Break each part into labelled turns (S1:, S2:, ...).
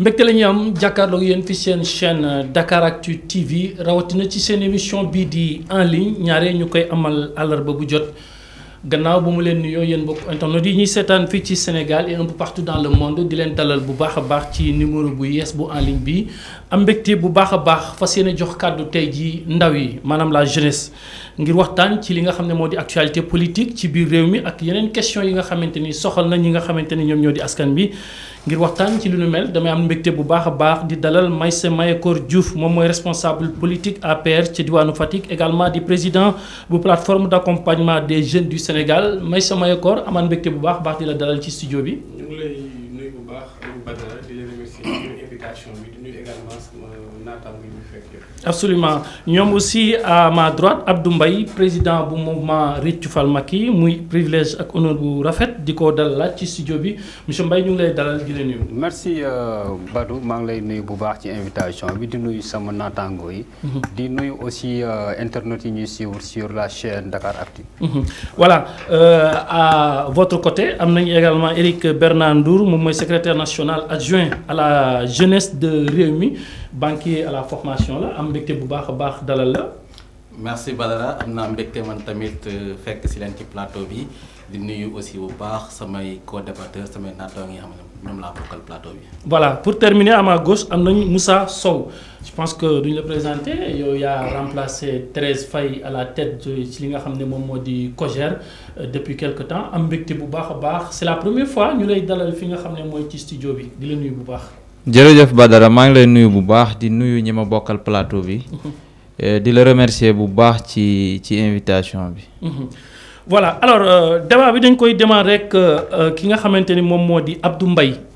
S1: mbégte la ñuy am jàkkaarloog yeen fi seen chaîne euh, Dakaractu TV rawatina ci seen émission bi di en ligne ñaare ñu koy amal àllarba bu jot gannaaw bu mu leen nuyoo yéen bokk internet yi ñuy seetaan fii ci Sénégal et un peu partout dans le monde di leen dalal bu baax a baax ci numéro bu yees bu en ligne bi am mbégte bu baax a baax fas yéene jox kàddu tey ji ndaw yi maanaam la jeunesse ngir waxtaan ci li nga xam ne moo di actualité politique ci biir réew mi ak yeneen question yi nga xamante ni soxal na ñi nga xamante ni ñoom ñoo di askan bi ngir waxtaan ci li nu mel damay am mbégte bu baax a baax di dalal Meissa Mayakor Diouf moom mooy responsable politique APR ci diwaanu Fatick également di président bu plateforme d' accompagnement des jeunes du Sénégal Meissa Mayakor amaan mbégte bu baax baax di la dalal ci studio bi. absolument aussi à ma droite Abdou président du mouvement privilège honneur
S2: merci euh, Badou Je invitation mhm. aussi euh, internet sur la chaîne
S3: mhm.
S1: voilà euh, à votre côté nous également Eric Bernard secrétaire national adjoint à la jeunesse de Réunion banquier à la formation là am mbégte bu baax baax dalal la.
S4: merci balala am naa mbégte man tamit euh, fekk ci len ci plateau bi di nuyu aussi bu baax samay co-débatteur samay naatoo ngi xam ne ñoom laa plateau bi.
S1: voilà pour terminer à ma gauche am nañ Moussa Sow je pense que duñ le présenter
S4: yow ya remplacé
S1: 13 Faye à la tête ci li nga xamné mom modi Cogère euh, depuis quelque temps am mbégte bu baax baax c'est la première fois ñu lay dalal fi nga xamné moy ci studio bi di la nuyu bu baax
S3: jërëjëf
S5: Badara maa ngi lay nuyu bu baax di nuyu ñi ma bokkal plateau bi mm-hmm. eh, di la remercier bu baax ci ci invitation bi.
S1: Mm-hmm. voilà alors euh, débat bi dañ koy démarrer rek euh, ki nga xamante ni moom moo di Abdou Mbaye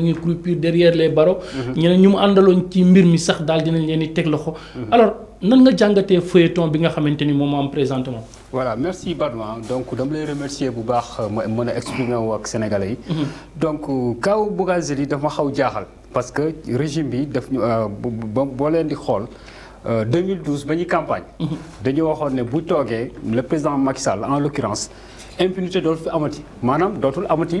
S1: ñu ngi croupir derrière les barreaux. Mhm. ñeneen ñu mu àndaloon ci mbir mi sax daal dinañ leen di teg loxo. Mhm. alors nan nga jàngatee feuilleton bi nga xamante ni moom am présentement.
S2: voilà merci Badma donc dama lay remercier bu baax ma mën a exprimer wu ak sénégalais yi. Mhm. donc kaw Bougazelli dafa xaw jaaxal. parce que régime bi daf ñu euh, boo leen di xool. 2012 euh, ba ñuy campagne. dañu waxoon ne bu toogee le président Macky Sall en l'occurrence impunité dootul fi amati maanaam dootul amati.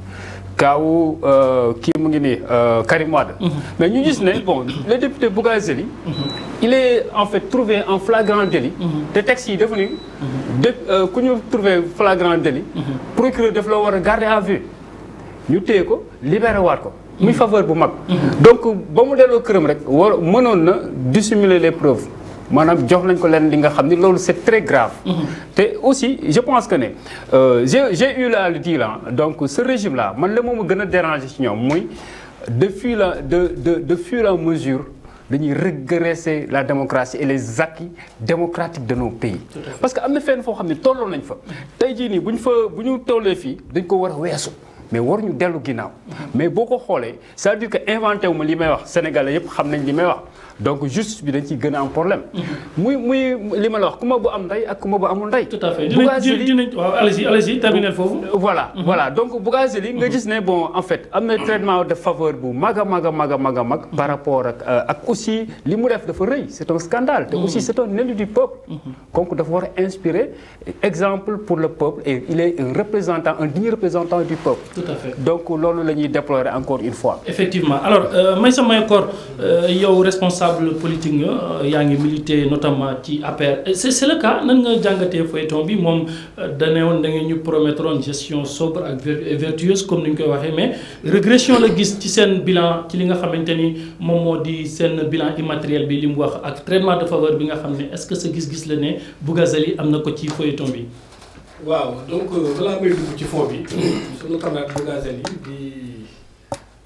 S2: Qui euh, kii mu ngi euh, Karim Wade. Mhm. mais nous disons bon le député Bougazeli. Mhm. il est en fait trouvé en flagrant délit. Le mhm. texte yi devenu. Quand de euh, ku ñu flagrant délit. procureur écrire la war a garder à vue ñu téye libéré waat ko. muy faveur bu moi donc bon modèle au këram rek dissimuler les preuves manam jox nañ ko len li nga xamni ni c'est très grave. Mhm. te aussi je pense que ne euh, j'ai j'ai eu la le dire donc ce régime là man le momu gëna déranger ci ñom muy depuis la de de de fur et à mesure. dañuy régresser la démocratie et les acquis démocratiques de nos pays. parce que amna fenn fo xamni ne nañ fa. tey jii nii bu fa buñu ñu fi dañ ko wara wessu mais war ñu dellu ginaaw mhm. mais boko xolé ça veut dire que inventé wu ma li may wax sénégalais yépp xamnañ nañ li may wax donc juste, bi dañ a problème. Mm-hmm. muy muy Les ma comment wax ku comment bu am tout à fait Bougazeli, y allez-y allez-y terminer vous. Euh, voilà mm-hmm. voilà donc Bougazeli, nga dis bon en fait un traitement de faveur maga, maga, maga, par rapport à euh, aussi li de def c'est un scandale. Et aussi mm-hmm. c'est un élu du peuple. donc dafa inspiré inspirer exemple pour le peuple et il est un représentant un digne représentant du peuple. tout à fait donc nous le déplore encore une fois. effectivement alors
S1: euh, Meissa Mayakor yow responsable responsable politique nga euh, yaa milité notamment ci APR c'est le cas nan nga jangate feuilleton bi moom euh, dane won da ngeen ñu promettre une gestion sobre et vertueuse comme ni ñu koy waxee mais régression la gis ci sen bilan ci li nga xamanteni mom moom moo di seen bilan immatériel bi lim wax ak traitement de faveur bi nga xamné est ce que ce gis-gis la né Bougazelli am na ko ci feuilleton bi.
S6: waaw donc wala euh, may dugg ci fond bi. Hmm. suñu camarade Bougazelli di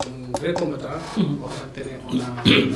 S6: un vrai combattant. waxante hmm. ne on a.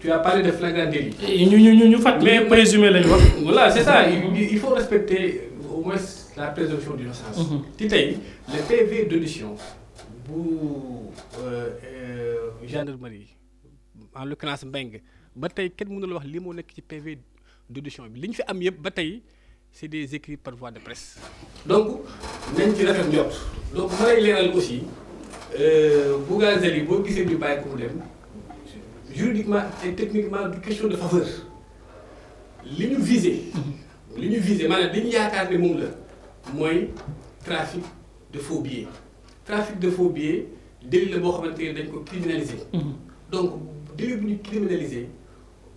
S6: tu as parlé de flagrant délit. ñu ñu ñu fàttali mais présumé lañu wax. voilà c'est ça il faut respecter au moins la présomption d'innocence. Mm-hmm. ci tey le PV d'audition bu euh, euh, gendarmerie en l'occurrence Mbengue ba tey kenn mënul wax li moo nekk ci PV d'audition bi li ñu fi am yëpp ba c'est des écrits par voie de presse. donc nañ ci rafet njort. donc ma lay leeral aussi Bougazelli Vous avez ñu bàyyi ko mu dem juridiquement et techniquement du question de faveur li visée visé. li ñu visé maanaam li ñu de moom la mooy trafic de faux billets trafic de faux billets délit la boo xamante dañ ko criminalisé. donc délit bu ñu criminalisé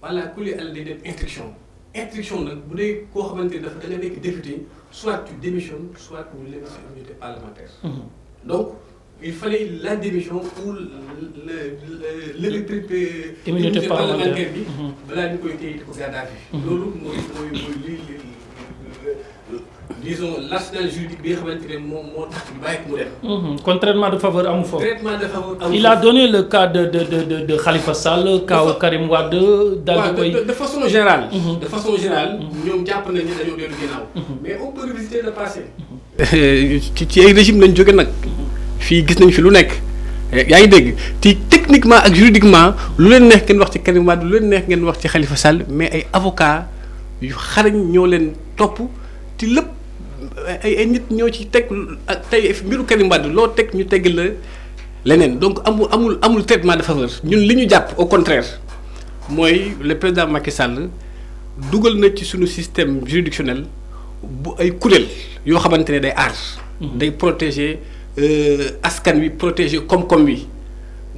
S6: walla ku li àll l'instruction, dem instruction instruction vous bu dee koo xamante dafa da député soit tu démissionnes soit tu lèves immunité parlementaire. Mhm. donc il fallait la division ou l'électricité. immunité parlementaire bi balaa ñu koy téye ko garde fi vue. loolu mooy mooy mooy lii disons l'arsenal juridique bi nga xamante ne moom moo tax ñu bàyyi ko mu def.
S1: Mhm. contrairement de faveur amu foofu. traitement de faveur amu il a donné le cas de de de de de Khalifa Sall. kaw Karim Wade. daal di koy de façon générale. Mhm. de façon générale.
S6: Mhm. ñoom jàpp nañu ne dañoo dellu ginnaaw. mais on peut revisiter le passé. ci ci ay régime lañ jóge nag fii gis nañ fi lu nekk yaa ngi dégg ti techniquement ak juridiquement lu leen neex ngeen wax ci Karim Wade lu leen neex ngeen wax ci Khalifa Sall mais ay avocat yu xarañ ñoo leen topp ti lépp ay ay nit ñoo ci teg tey mbiru Karim Wade loo teg ñu teg la leneen donc amul amul amul traitement de faveur ñun li ñu jàpp au contraire mooy le président Macky Sall dugal na ci suñu système juridictionnel bu ay kuréel yoo xamante ne day aar. Mhm. day protéger. Euh, askan wi protéger comme comme wi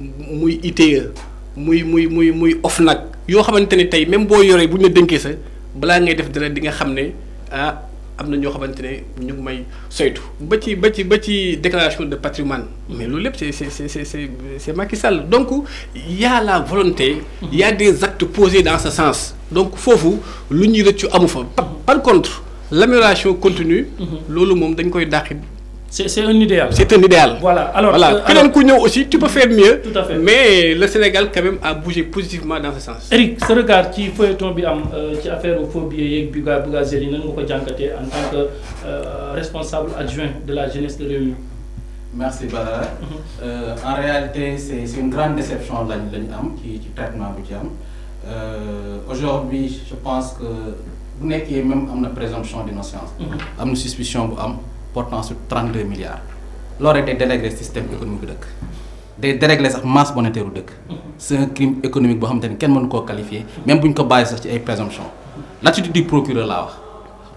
S6: muy ITIE muy muy muy muy OFNAC yoo xamante ne tey même bo yoré bu la dénkee sa bala ngay def dara di nga ah amna na ñoo ñu ngi may soytu ba ci ba ci ba ci déclaration de patrimoine mais loolu lépp c'est c'est c'est c'est c'est Macky Sall donc y a la volonté y a des actes posés dans ce sens donc foofu lu ñuy rëccu amu fa par contre l'amélioration continue mm-hmm. loolu moom dañ koy dàqi c'est un idéal. C'est un idéal. Voilà. Alors, voilà. Euh, alors aussi, tu peux faire mieux. Tout
S1: à fait. Mais le
S6: Sénégal, quand même, a bougé positivement dans ce sens.
S1: Eric, ce regard qui peut tomber en affaire au phobie et Buga Bugazeli, nous en tant que euh, responsable adjoint
S4: de la jeunesse de l'Union. Merci Badara. Mhm. Euh, en réalité, c'est une grande déception de l'Union qui, qui traitement de euh, Aujourd'hui, je pense que vous n'êtes même à présomption d'innocence, à mhm. suspicion suspicion. Am, portant sur 32 milliards L'or était day du système économique bu dëkk masse monétaire c'est un crime économique boo ne ni kenn qualifier même si on ko bàyyi présomption l'attitude du procureur là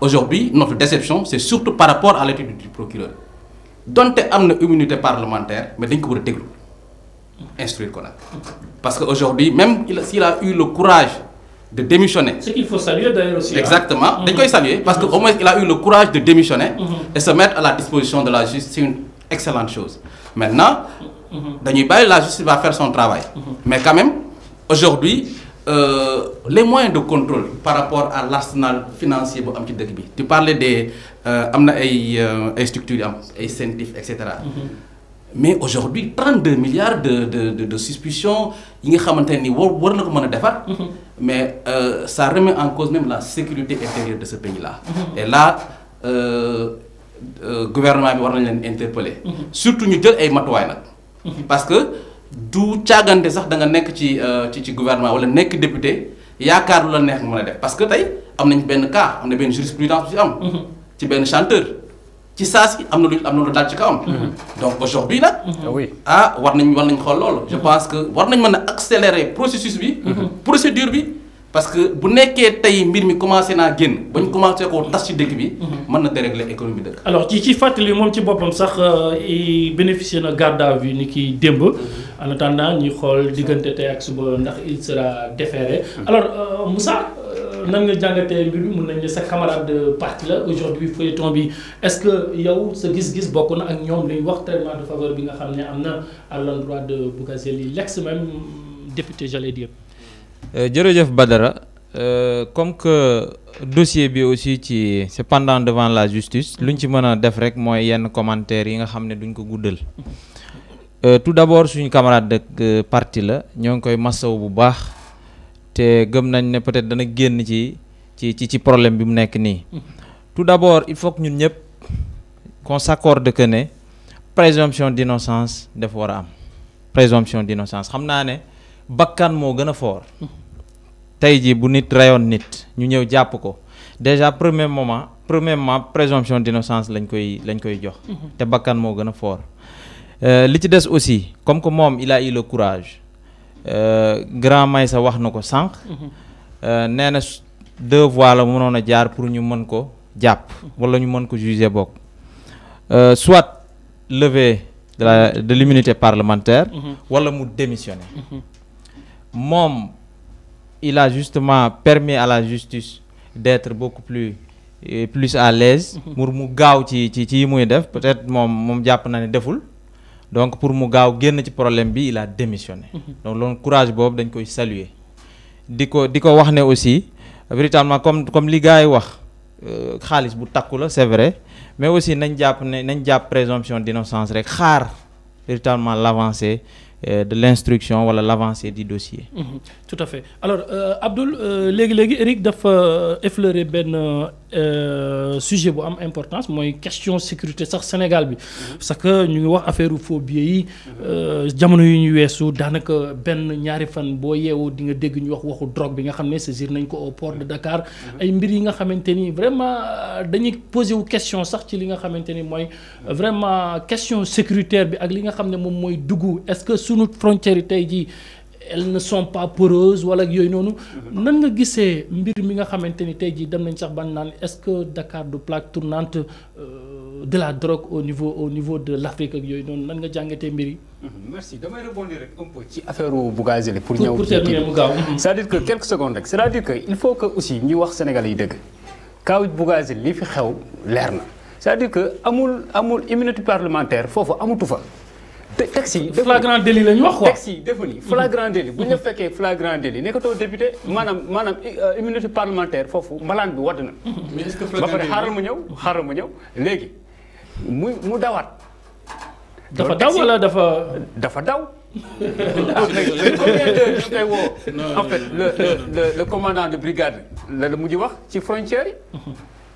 S4: aujourd'hui notre déception c'est surtout par rapport à l'attitude du procureur donte am une immunité parlementaire mais d'un ko instruire parce qu'aujourd'hui, même s'il a eu le courage de démissionner. Ce qu'il faut saluer d'ailleurs aussi. Hein. Exactement. Hein? saluer parce qu'au moins il a eu le courage de démissionner mhm. et se mettre à la disposition de la justice. C'est une excellente chose. Maintenant, mhm. la justice va faire son travail. Mais quand même, aujourd'hui, euh, les moyens de contrôle par rapport à l'arsenal financier. Tu parlais des euh, euh structures, des etc mais aujourd'hui 32 milliards de de de de suspicion yi ne savent pas na ko mhm. mais euh, ça remet en cause même la sécurité intérieure de ce pays là. Mhm. et là euh, euh, gouvernement bi war interpeller. Mhm. surtout ñu jël ay matuwaay n'ak. parce que du càggante sax da nga nekk ci euh, ci il gouvernement wala nekk député yaakaar lu la neex nga mën a def parce que tey am nañ benn cas am na une jurisprudence bu ci am. chanteur ci saa si am lu amna lu dal ci kawam. Mhm. donc aujourd'hui nag. Mhm. ah war nañ war nañ xol loolu. je pense que war nañ mën accélérer processus bi. Mhm. procédure bi parce que bu nekké tay mbir mi commencé na génn ba ñu commencé koo tas ci dëkk bi. mën na dérégler économie dëkk. alors ci ci fàttali
S1: mom ci bopam sax euh, bénéficier na garde à vue ni ki demb en attendant ñi xol digënté tay ak suba ndax il sera déféré. alors euh, Moussa nan nga jangate mbir mi mun nañ sa camarade de parti la aujourd'hui feuilleton bi est-ce que yow sa gis-gis bokk na ak ñoom liñ wax traitement de faveur bi nga xam ne am na à l'endroit de Bougazeli l'ex même député j'allais dire
S5: euh, jërëjëf Badara euh, comme que dossier bi aussi ci c'est pendant devant la justice luñ ci mën a def rek mooy yenn commentaires yi nga xam ne duñ ko guddal euh, tout d'abord suñu camarade de parti la ñoo ngi koy massaw bu baax te gëm nañ né peut-être dana génn ci ci ci problème bi mu nekk ni tout d'abord il faut que ñun ñëpp qu'on s'accorde que né présomption d'innocence def wara am présomption d'innocence xam naa ne bakkan moo gën a fort. tey jii bu nit rayon nit ñu ñëw jàpp ko déjà premier moment premièrement présomption d'innocence lañ koy lañ koy jox. Mhm. te bakkan moo gën a fort euh, li ci des aussi comme que moom il a eu le courage. Euh, grand Maysa wax na ko sànq. Euh, nee na deux voies la mënoon a jaar pour ñu mën ko jàpp. wala ñu mën ko juger bokk euh, soit levé de la de l'immunité parlementaire. Mhm. wala mu démissionner. Mhm. moom il a justement permis à la justice d'être beaucoup plus. plus à l'aise mhm. pour mu gaaw ci ci ci yi muy def peut-être moom moom jàpp na ne deful donc pour mu gaaw génn ci problème bi il a démissionné. Mhm. donc loolu courage boobu dañ koy saluer. di ko di ko wax ne aussi véritablement comme comme li gars yi wax euh, xaalis bu takku la c'est vrai mais aussi nañ jàpp ne nañ jàpp présomption d'innocence rek xaar véritablement l'avancée euh, de l'instruction wala l'avancée du dossier.
S1: Mhm. Tout à fait alors euh, Abdoul léegi léegi Eric dafa effleurer benn. Euh, sujet bu am importance moy question sécurité sax Sénégal bi parce que ñu ngi wax affaire faux billets yi euh, jamono yu ñu wessu danaka ben ñaari fan bo yeewu di nga dégg ñu wax waxu drogue bi nga xamné ne saisir nañ ko au port de Dakar ay mbir yi nga xamanteni vraiment euh, dañuy poser wu question sax ci li nga xamanteni moy vraiment question sécuritaire bi ak li nga xamné mom moy mooy est-ce que sunu frontière tay ji elles ne sont pas poreuses wala yooyu noonu. nan nga gisee mbir mi nga xamanteni ni tey dem nañ sax ban nan est-ce que Dakar du plaque tournante euh, de la drogue au niveau au niveau de l'Afrique ak yooyu noonu nan nga jàngatee mbiri mmh,
S2: merci damay rebondir rek un peu ci affaire Bougazelli pour ñëw pour terminer mmh. c'est-à-dire que quelques secondes rek c'est-à-dire que il faut que aussi ñi wax Sénégalais yi deug kaw Bougazelli li fi xew lérna c'est-à-dire que amul amul immunité parlementaire fofu amutu fa. Taxi, flagrant délit Flagrandeli, wax
S3: quoi
S2: flagrant délit bu ñu mhm. délit député manam euh, immunité parlementaire fofu bi mhm. est-ce que mu dafa daw wala dafa dafa daw en le commandant de brigade la wax ci frontière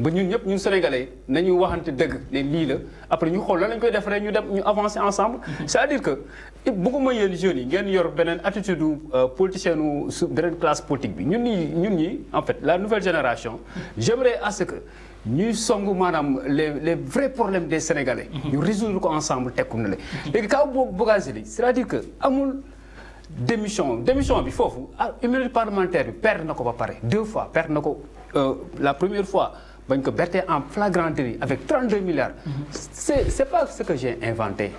S2: ba ñun ñëpp ñun sénégalais nañu waxante dëgg ne lii la après ñu xool lan lañ koy defaree ñu dem ñu avancer ensemble. c'est-à-dire que bëgguma yéen jeunes yi ngeen yor beneen attitude euh, politicien nu su beneen classe politique bi ñun ñun ñi en fait la nouvelle génération. j'aimerais à ce que ñuy song maanaam les les vrais problèmes des sénégalais. Mhm. ñu résoudre ko ensemble tekku na la. léegi kaw boobu Bougazelli c'est-à-dire que amul. démission démission bi foofu ah immunité parlementaire bi perdre na ko ba pare deux fois perdre na euh, la première fois bañ ko bertee en flagrant délit avec 32 milliards. c'est c'est pas ce que j'ai inventé.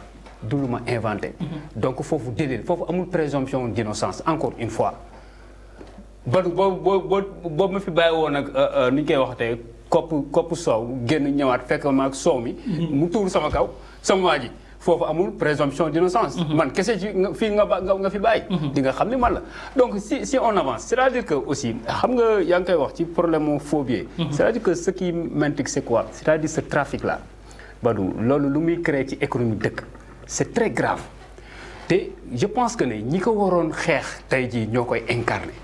S2: du lu ma inventé. donc foofu il faut amul présomption d'innocence encore une fois. ba bon, bon, bon, ma fi bàyyi woon ak euh, euh, ni ñu koy waxatee kopp kopp soow génn ñëwaat fekk ma ak soow mi. Mm-hmm. mu sama kaw sama fofu amul présomption d'innocence mhm. man kese ci fii nga ba nga fi bàyyi mhm. di nga xamni man la donc si si on avance c'est-à-dire que aussi xam nga yang koy wax ci problème mu phobie mhm. c'est-à-dire que ce qui m'intrigue c'est quoi c'est-à-dire ce trafic là Badou lolu lu muy créer ci économie deuk c'est très grave té je pense que né ñi ko waroon xex tay ji ñokoy incarner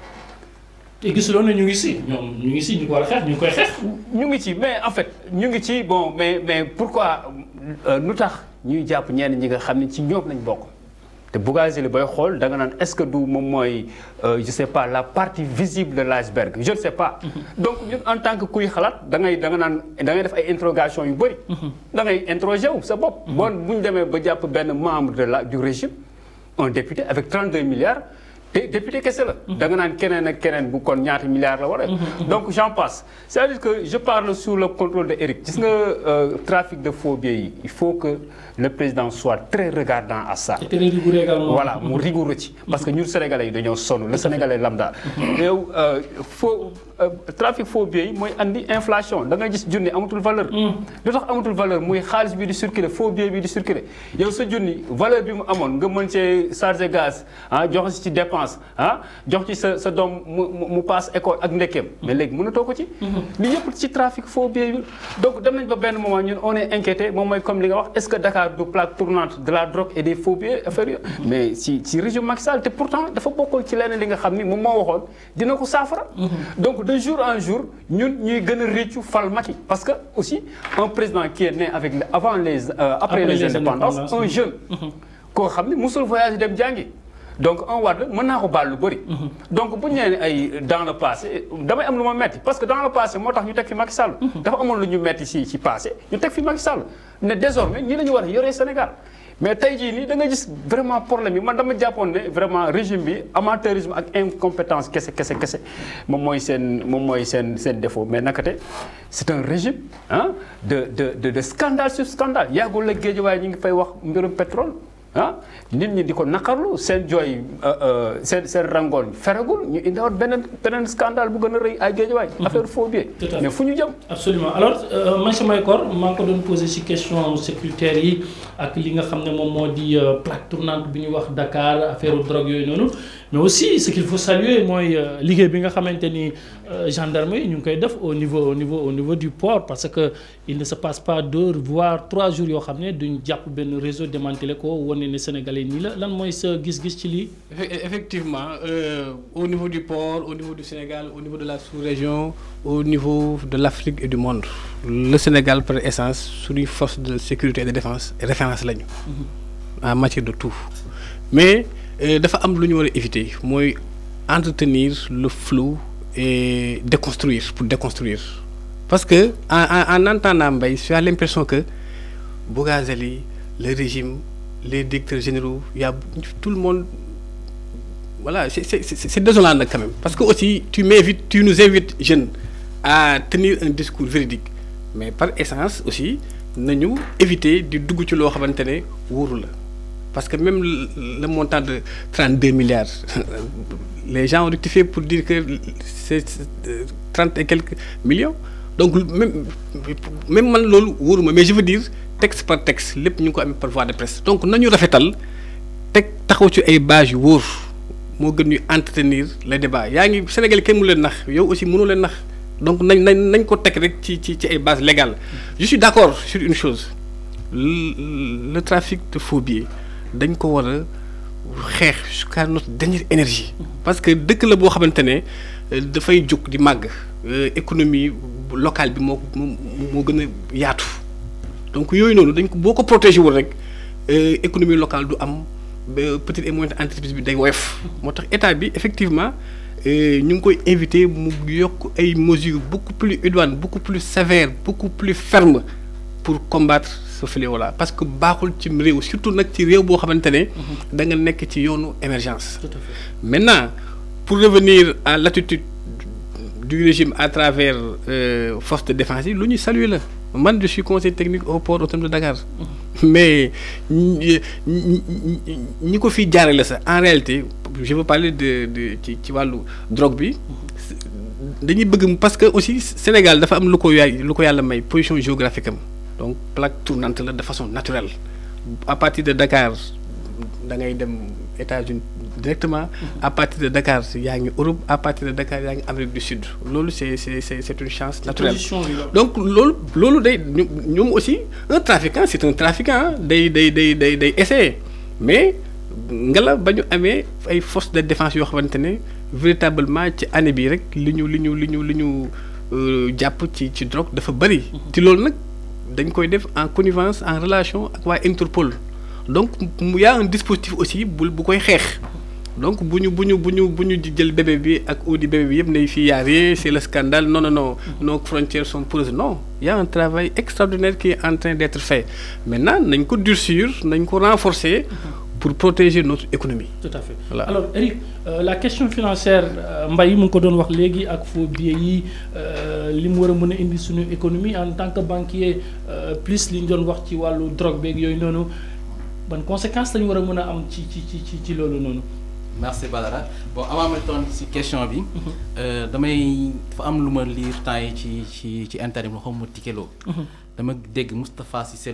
S1: te gisuloon na ñu ngi si ñoom ñu ngi si ñu ko war a ñu koy xeex. ñu ngi ci mais en fait
S2: ñu ngi ci bon mais mais pourquoi lu euh, tax ñuy nous ñen ñi nga ci que euh, je sais pas la partie visible de l'iceberg je ne sais pas. Mm-hmm. donc en tant que kuy da ngay da nga da ngay interrogation yu membre du régime un député avec 32 milliards député qu'est-ce mhm. da nga naan keneen ak keneen bu kon milliards la war mhm. mhm. donc j'en passe c'est-à-dire que je parle sur le contrôle de Eric. gis euh, trafic de faux billets il faut que le président soit très regardant à ça. très rigoureux également. voilà mu rigoureux parce que les sénégalais nous sommes les le sénégalais lambda. Il euh, faut euh, trafic faux billets mooy andi inflation da ngay gis junni amoutul valeur. Hmm. lu tax amoutul valeur muy xaalis bi di circuler faux billet bi di circuler yow sa journée, valeur bi mu amoon nga mën cee charger gaz ah jox ci dépense ah jox ci ça sa doom mu passe école ak ndekkeem. mais léegi mënatoo ko ci. Hmm. li yëpp ci trafic faux donc dem nañ ba benn moment ñun on est inquiété moi, mooy comme li nga wax est-ce que Dakar du plaque tournante de la drogue et des faux billets mais ci ci région Macky Sall te pourtant dafa bokkoon ci leneen li nga xam ni moom moo waxoon dina ko saafara. Hmm. donc de jour en jour ñun ñuy gën a réccu fal Macky parce que aussi un président qui est né avec avant les euh, après, après les, les indépendances un jeune qui a fait musul voyage dem jàngi donc on Wade mën naa ko baal lu mhm. donc bu ñu ay dans le passé damay am lu ma metti parce que dans le passé moo tax ñu teg fi Macky Sall mhm. dafa amoon lu ñu metti ci passé ñu teg fi Macky Sall ne désormais ñii la ñu war yoree Sénégal mais tey jii nii da nga gis vraiment problème yi man dama jàppoon vraiment régime bi amateurisme ak incompétence ce qu'est-ce, moom moy sen moom moy sen seen défaut mais nakaté c'est un régime hein, de de de de scandale sur scandale yago le géej waaye ñu ngi fay wax mbirum pétrole. ah nit ñi di ko naqarlu seen jooy euh, euh, seen seen rangoon feragul ñu indiwaat beneen beneen scandale bu gën a rëy ay géejawaay mhm. affaire faux billets
S1: mais fu ñu jëm absolument alors man samay koor maa ko doon posé si question sécuritaire yi ak li nga xam ne moom moo di euh, plaque tournante bi ñuy wax Dakar affaire drogue yooyu noonu mais aussi ce qu'il faut saluer moi que euh, bi nga euh, gendarmerie au niveau au niveau au niveau du port parce qu'il ne se passe pas deux voire trois jours de réseau démantelé ko wane on sénégalais au Sénégal lan
S6: gis-gis effectivement euh, au niveau du port au niveau du Sénégal au niveau de la sous-région au niveau de l'Afrique et du monde le Sénégal par essence une force de sécurité et de défense référence lañu.
S3: Mm-hmm.
S6: en matière de tout mais. Euh, dafa am lu ñu éviter mooy entretenir le flou et déconstruire pour déconstruire parce que en entendant Mbaye suis l'impression que Bougazeli, le régime les directeurs généraux y a tout le monde voilà c'est c'est désolant quand même parce que aussi tu tu nous invites jeunes à tenir un discours véridique mais par essence aussi nañu éviter de dugg ci loo xamante ne parce que même le, montant de 32 milliards, les gens ont rectifié pour dire que c'est 30 et quelques millions. Donc, même, même mais je veux dire, texte par texte, les qu'on a par voie de presse. Donc, nous avons fait taxaw ci ay base yu wóor des gën pour entretenir le débat yaa ngi Sénégal kenn mënu leen nax yow aussi mënu leen nax donc nañ nañ ko tek rek ci ci ci ay base légale je suis d'accord sur une chose le trafic de faux billets dañ ko war a jusqu'à notre dernière énergie. parce que dëkk la boo xamante ne euh, dafay jóg di euh, économie locale bi moo moo a donc yooyu noonu dañ ko boo ko protégé wul rek euh, économie locale du am petite et moyenne entreprise bi day woyof. moo tax état effectivement nous ngi koy invité mu mesures beaucoup plus idoines beaucoup plus sévères beaucoup plus fermes pour combattre soufflé wala parce que baaxul ci rew surtout nak ci rew bo xamantene mhm. da nga nek ci yoonu émergence. maintenant pour revenir à l'attitude du régime à travers euh, force de défense yi lu ñu saluer la man je suis conseil technique au port autonome de Dakar. Mhm. mais ni ko fi jaarale ça en réalité je veux parler de de ci ci wàllu drogue bi. Mhm. dañuy bëgg parce que aussi Sénégal dafa am lu ko yalla may position géographique donc plaque tournante de façon naturelle à partir de Dakar da ngay dem États-Unis directement mhm. à partir de Dakar yaa ngi Europe à partir de Dakar yaa ngi Amérique du Sud loolu c'est c'est c'est une chance naturelle donc loolu loolu day ñoom aussi un trafiquant c'est un trafiquant hein. day day day day essayer mais nga la ba ñu amee ay forces de défense yoo xamante ne véritablement ci année bi rek li ñu li ñu li ñu li ñu euh, ci ci drogue dafa bëri ci mhm. loolu dañ koy en connivence en relation avec Interpol donc il y a un dispositif aussi bu bu koy xeex donc bu ñu bu ñu bu ñu jël bébé bi ak audi bébé bi yëpp ne fii a c'est le scandale non non non nos frontières sont poreuses non il y a un travail extraordinaire qui est en train d'être fait maintenant nañ ko durcir nañ ko renforcer pour protéger notre économie. Tout à fait. Voilà. Alors, Eric, euh, la question financière, euh, Mbaye,
S1: nous avons dit que nous biais, indi que économie en tant que banquier, euh, plus nous avons dit que drogue, ban conséquence lañu war a am ci ci ci ci
S4: merci Badara bon avant ma tontu si question bi. Mhm. Euh, damay fa am lu lire temps yi ci ci ci internet bi Tikelo. Mhm. dama dégg Moustapha Cissé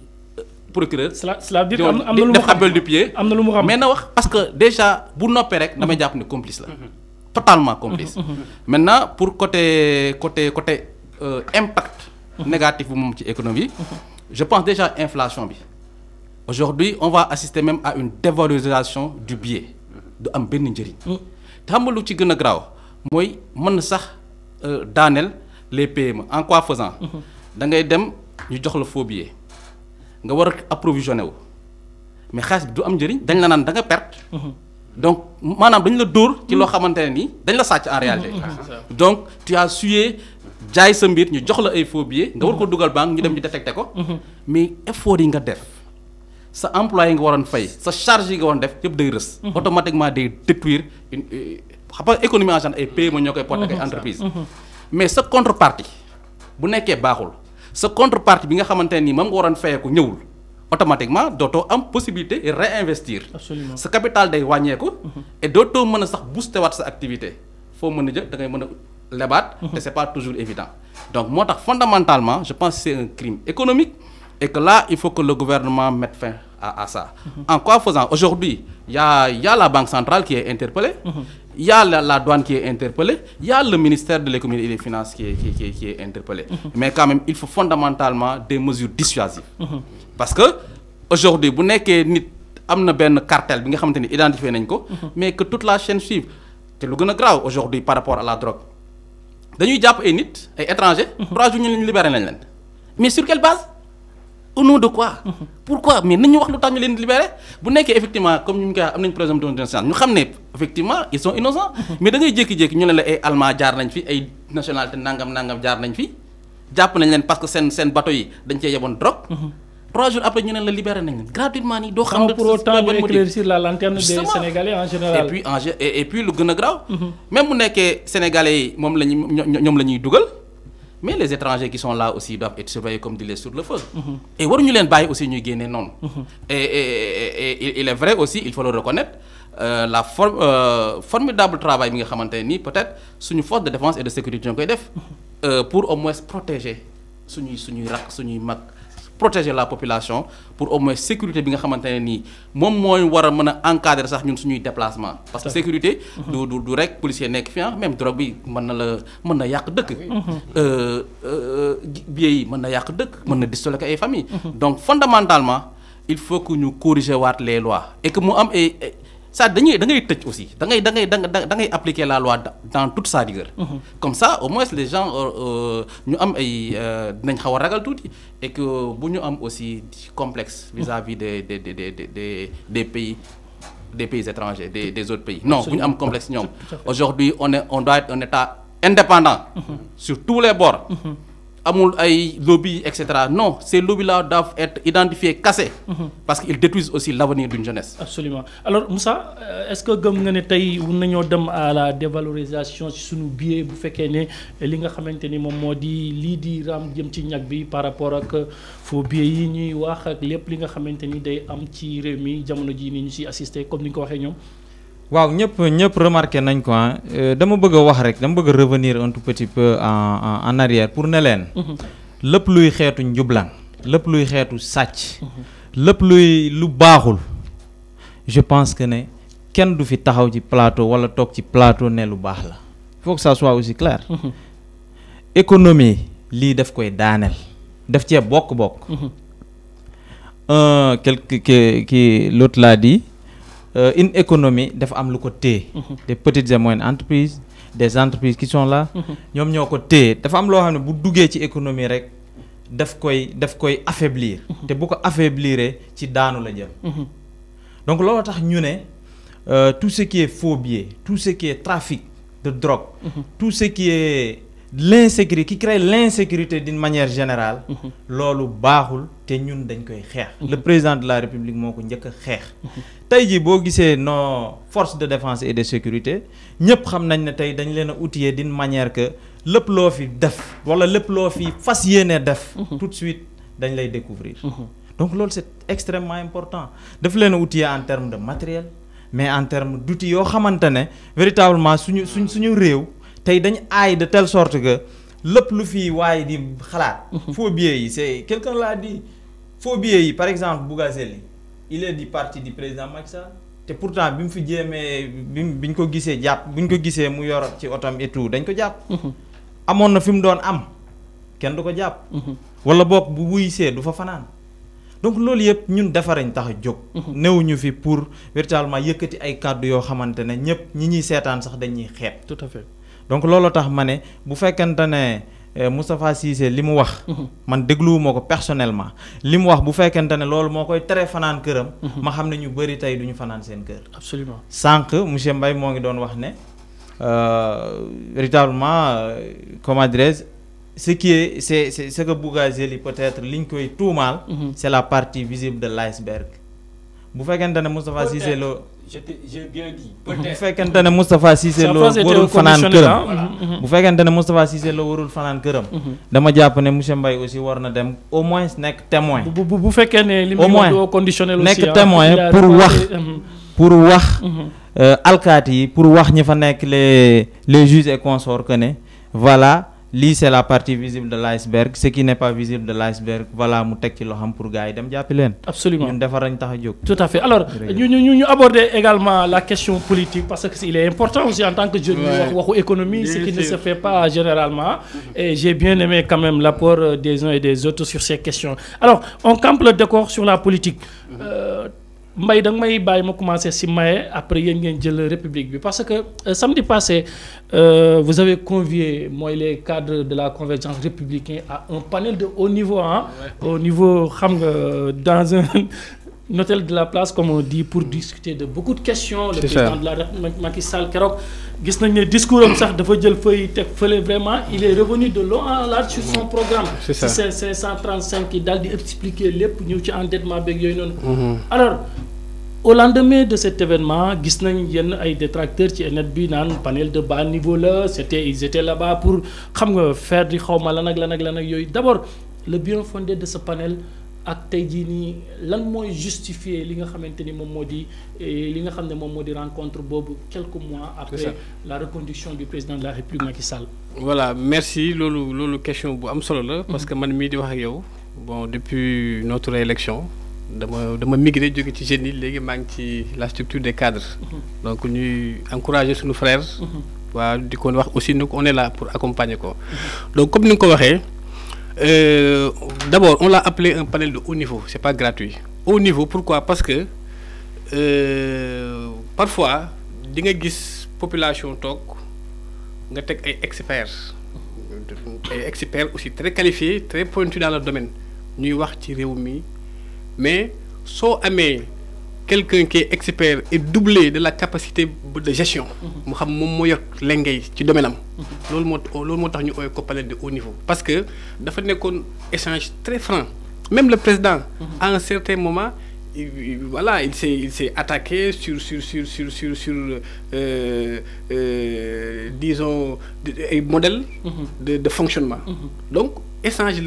S4: procureur. cela cela veut dire am na lu mu def de pied. lu mu mais parce que déjà bu nous, rek dama japp complices... complice mhm. totalement complice. Mhm. Mhm. maintenant pour côté côté côté euh, impact. négatif bu mon ci économie. je pense déjà inflation bi. aujourd'hui on va assister même à une dévalorisation du billet de am ben njëriñ. te xam lu ci gëna graw moy mën sax euh, les PME en quoi faisant. da ngay dem ñu jox la faux billet. nga war approvisioné wu mais xaalis bi du am jëriñ dañ la naan da nga perte. donc manam dañ la dóor ci lo xamante ni dañ la sacc en réalité. Mhm, mhm, donc tu as sué jaay sa mbir ñu jox la ay faux billets nga war ko duggal bank ñu dem ñu détecter ko. Mhm. mais effort yi nga def sa employé nga waron fay sa charge yi nga won def yépp day reus automatiquement day détruire une euh, xapa économie en général ay PME ñoo koy porté ay entreprise mais sa contrepartie bu nekké baxul sa contrepartie bi nga xamante ne nii moom nga waroon fayeeku ñëwul automatiquement dootoo am possibilité réinvestir. absolument sa capital day wàññeeku. Mhm. et dootoo mën a sax booster waat sa activité foo mën a jël da mën a lebaat. Mhm. te c'est pas toujours évident. donc moo tax fondamentalement je pense que c'est un crime économique et que là il faut que le gouvernement mette fin à à ça. Mhm. en quoi faisant aujourd'hui y a a la banque centrale qui est interpellée. il y a la, douane qui est interpellée, il y a le ministère de l'économie et des finances qui est, interpellé. Mhm. Mais quand même, il faut fondamentalement des mesures dissuasives. Mhm. Parce que aujourd'hui, vous n'êtes que un cartel, identifié, mhm. mais que toute la chaîne suive. C'est le plus grave aujourd'hui par rapport à la drogue. Nous avons des étrangers, trois jours nous Mais sur quelle base au nom de quoi pourquoi mais nañu wax lu tax ñu leen libéré bu nekkee effectivement comme ñu ngi koy am nañ présomption d'innocence ñu xam effectivement ils sont innocents mhm. mais da ngay jékki-jékki ñu ne la ay eh, allemand jaar nañ fi ay nationalité nangam nangam jaar nañ fi jàpp nañ leen parce que seen seen bateau yi dañ cee yeboon drogue mhm. trois jours après ñu ne la libéré nañ leen
S1: gratuitement nii doo xam ne pour autant ñu éclaircir la lanterne des sénégalais en général et puis
S4: en et puis lu gën a grave mhm. même bu nekkee sénégalais yi moom la ñuy ñoom la mais les étrangers qui sont là aussi doivent être surveillés comme des sur le feu. Et waruñu leen Baye aussi ñuy non. et il est vrai aussi il faut le reconnaître euh, la forme euh, formidable travail que nga avons peut-être une force de défense et de sécurité ñoo euh, pour au moins protéger suñuy suñuy rak suñuy mak protéger la population pour au moins sécurité bi nga encadrer parce que sécurité mm-hmm. du du rek policier nek fi ah, même drogue bi na la na euh mm-hmm. euh yi mm-hmm. donc fondamentalement il faut que nous corriger les lois et que ça dañuy da ngay aussi da ngay da ngay appliquer la loi dans toute sa rigueur. Mhm. comme ça au moins les gens euh, euh, ñu am ay euh, dinañ xaw a ragal tuuti et que nous ñu am aussi complexe. vis-à-vis des des des des des des pays. des pays étrangers, des, des autres pays. Non, nous sommes complexe. Aujourd'hui, on, est, on doit être un État indépendant mhm. sur tous les bords. Mhm amul ay lobby etc. non ces lobbies là doivent être identifiés cassés. Mhm. parce qu'ils détruisent aussi l'avenir d'une jeunesse. absolument alors Moussa euh, est-ce que gëm
S1: nga ne on dem à la dévalorisation ci suñu biais bu li nga li di ram, ci bi par rapport ak yi ñuy wax ak li nga day am ci réew mi jamono ji ni ñu assister comme ni ko
S5: waaw ñëpp ñëpp remarqué nañ ko hein. Euh dama bëgg wax rek dama bëgg revenir un tout petit peu en en arrière pour ne leen. Mhm. lépp luy xeetu njublan lépp luy xeetu sàcc. Mhm. lépp luy lu baaxul. je pense que ne kenn du fi taxaw ci plateau wala tok ci plateau ne lu baax la. faut que ça soit aussi clair. Mhm. économie li daf koy daanel. daf bok. bokk-bokk. Euh quelque qui l'autre l'a dit. Euh, une économie dafa am lu ko mhm. des petites et moyennes entreprises des entreprises qui sont là. Mhm. ñom ñoo ko téye dafa am lo xam bu duggé ci économie rek daf koy daf koy affaiblir. Mhm. té bu ko affaibliree ci daanu la jëm. donc lolo tax ñu euh, tout ce qui est faux tout ce qui est trafic de drogue. tout ce qui est l'insécurité qui crée l'insécurité d'une manière générale mhm. lolu baxul té ñun dañ koy mhm. le président de la république moko ñëk que mhm. tay ji bo gisé non forces de défense et de sécurité ñëpp xam nañ outils tay dañ leena outiller d'une manière que le lo fi def wala lepp lo fi fas def tout de suite dañ lay découvrir donc c'est extrêmement important def leena les outiller en termes de matériel mais en termes d'outils yo xamante véritablement suñu suñu réew tay dañ aay de telle sorte que di mhm. quelqu'un l'a dit par exemple il est du parti du président Macky Sall pourtant bi mu fi jéemee bi bi ko gisee jàpp bu ko mu yor ci et tout dañ ko mhm. na du ko jàpp. Mhm. wala boog bu wuyisee du fa fanaan. donc loolu yëpp ñun defarañ pour véritablement yëkkati ay tout à fait donc loolu tax ma ne bu fekkente ne eh, Moustapha Cissé li mu wax. Mhm. man dégluwuma ko personnellement li mu wax bu fekkente ne loolu moo koy très fanaan këram. Mhm. ma xam ne ñu bëri tey du ñu fanaan seen kër. absolument sànq monsieur Mbaye moo ngi doon wax ne euh, véritablement euh, comment dirais ce qui est c' est ce que Bougazeli peut être liñ koy tuumaal. Mhm. c' est la partie visible de l' iceberg. bu fekkente ne Moustapha Cissé loo j'ai bien dit. peut-être bu Moustapha le warul Vous bu Moustapha Cissé warul Fanan mhm, mhm. mhm. dama monsieur aussi war na dem au moins nek témoin. Vous, conditionnel aussi témoin pour voir pour voir euh, pour voir les les juges et consorts que voilà li c'est la partie visible de l'iceberg ce qui n'est pas visible de l'iceberg voilà mu tek ci pour absolument tout à fait alors ñu ñu aborder également la question politique
S1: parce que il est important aussi en tant que jeune. wax économie ce qui ne se fait pas généralement. et j'ai bien aimé quand même l'apport des uns et des autres sur ces questions alors on campe le décor sur la politique. Euh, mbay da may commencer ci maye après yéen ngeen jël république bi parce que euh, samedi passé euh, vous avez convié moi les cadres de la convergence républicaine à un panel de haut niveau hein au niveau xam nga dans un hôtel de la place, comme on dit, pour mm. discuter de beaucoup de questions. Le président de la République, Macky Sall, le discours de Fodjel vraiment, il est revenu de long en large sur son mm. programme. C'est ça. C'est 535 qui a expliqué les non. Alors, au lendemain de cet événement, il nañ yenn ay détracteurs ci net dans un panel de bas niveau là c'était ils étaient là-bas pour faire des choses d'abord le bien fondé de ce panel ak tey jii nii lan mooy justifier li nga xamante ni moom moo di eh, li nga xam ne rencontre boobu quelques mois après la reconduction du président de la République Macky Sall.
S6: voilà merci loolu loolu question bu am solo la. parce que man mii di wax ak yow. bon depuis notre élection dama dama migré jóge ci génie yi léegi ngi ci la structure des cadres. Mhm. donc ñuy encourager suñu frère. du mhm. di ko wax aussi nous on est là pour accompagner ko. Mhm. donc comme ni nga ko euh, d'abord, on l'a appelé un panel de haut niveau. Ce n'est pas gratuit. Haut niveau, pourquoi Parce que euh, parfois, vous avez population des experts des experts aussi très qualifiés très pointus dans leur domaine nous wax ci mais soo quelqu'un qui est expert et doublé de la capacité de gestion je mhm. xam moom moo yor domaine c'est ce que nous avons tax de haut niveau parce que dafa un échange très franc même le président mhm. à un certain moment il s'est il s'est attaqué sur sur sur sur sur sur euh, euh, disons un modèle mhm. de de fonctionnement donc échange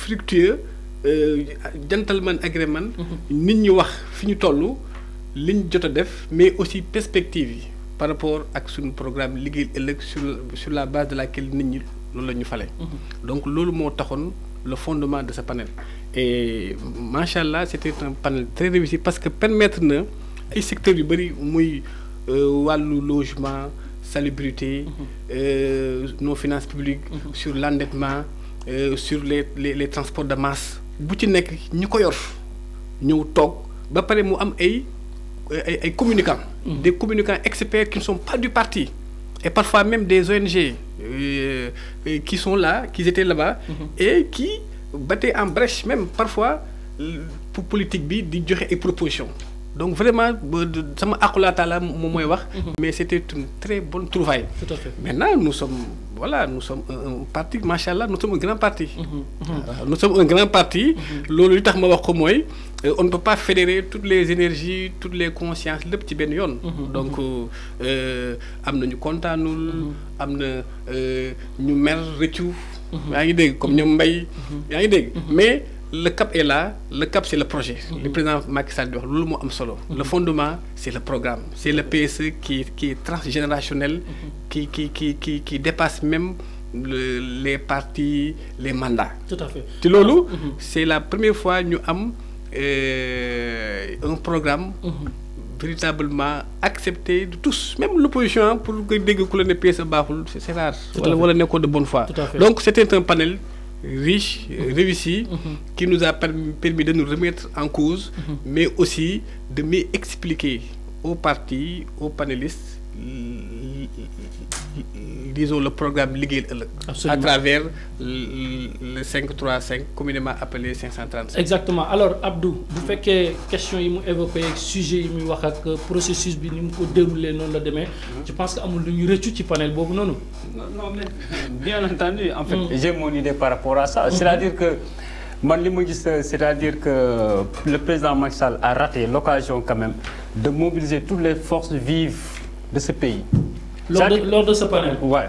S6: fructueux euh, gentleman agreement nit ñi wax fi ñu mais aussi perspective par rapport à ce programme liggéey sur la base de laquelle nous ñi loolu mhm. donc loolu le fondement de ce panel et machallah c'était un panel très réussi parce que permettre na ay secteurs yu bëri muy euh, wàllu logement salubrité mhm. euh, nos finances publiques mhm. sur l'endettement sur les les transports de masse bu ci nekk ñi ko communicants. des communicants experts qui ne sont pas du parti. et parfois même des ONG euh, euh, qui sont là, qui étaient là-bas, mm-hmm. et qui battaient en brèche même parfois euh, pour politique bi et propositions donc vraiment euh, sama aqulaa taala moom mooy wax. Mhm. mais c'était une très bonne trouvaille. tout à maintenant nous sommes voilà nous sommes un parti machallah nous sommes un grand parti. Mhm. Mhm. Euh, nous sommes un grand parti. loolu tax ma wax ko moy euh, on ne peut pas fédérer toutes les énergies toutes les consciences lépp ci ben yoon. donc euh na ñu kontaanul. am na ñu mer rëccu. yaa ngi dégg comme ñu mbay. yaa ngi dégg mais le cap est là, le cap c'est le projet. Le mhm. président Macky Sall Le mhm. fondement c'est le programme. C'est le PSE qui, est transgénérationnel, mhm. qui, qui, qui, qui, dépasse même les partis, les mandats. Tout à fait. C'est la première fois que nous avons un programme véritablement accepté de tous, même l'opposition, hein, pour que les PSE c'est rare. Voilà, voilà, de bonne foi. Donc c'était un panel riche, réussi, mhm. qui nous a permis de nous remettre en cause, mhm. mais aussi de m'expliquer aux partis, aux panélistes, disons le programme à travers le 535 communément appelé 535. exactement
S1: alors Abdou vous faites que question évoquée, m'ont évoqué sujet processus bi déroulé mhm. je pense qu'il y a ñu ci panel
S2: bien entendu en fait mhm. j'ai mon idée par rapport à ça. Mhm. c'est-à-dire que. c'est-à-dire que le président Maxal a raté l'occasion quand même de mobiliser toutes les forces vives de ce pays
S1: lors de ce panel. Ouais.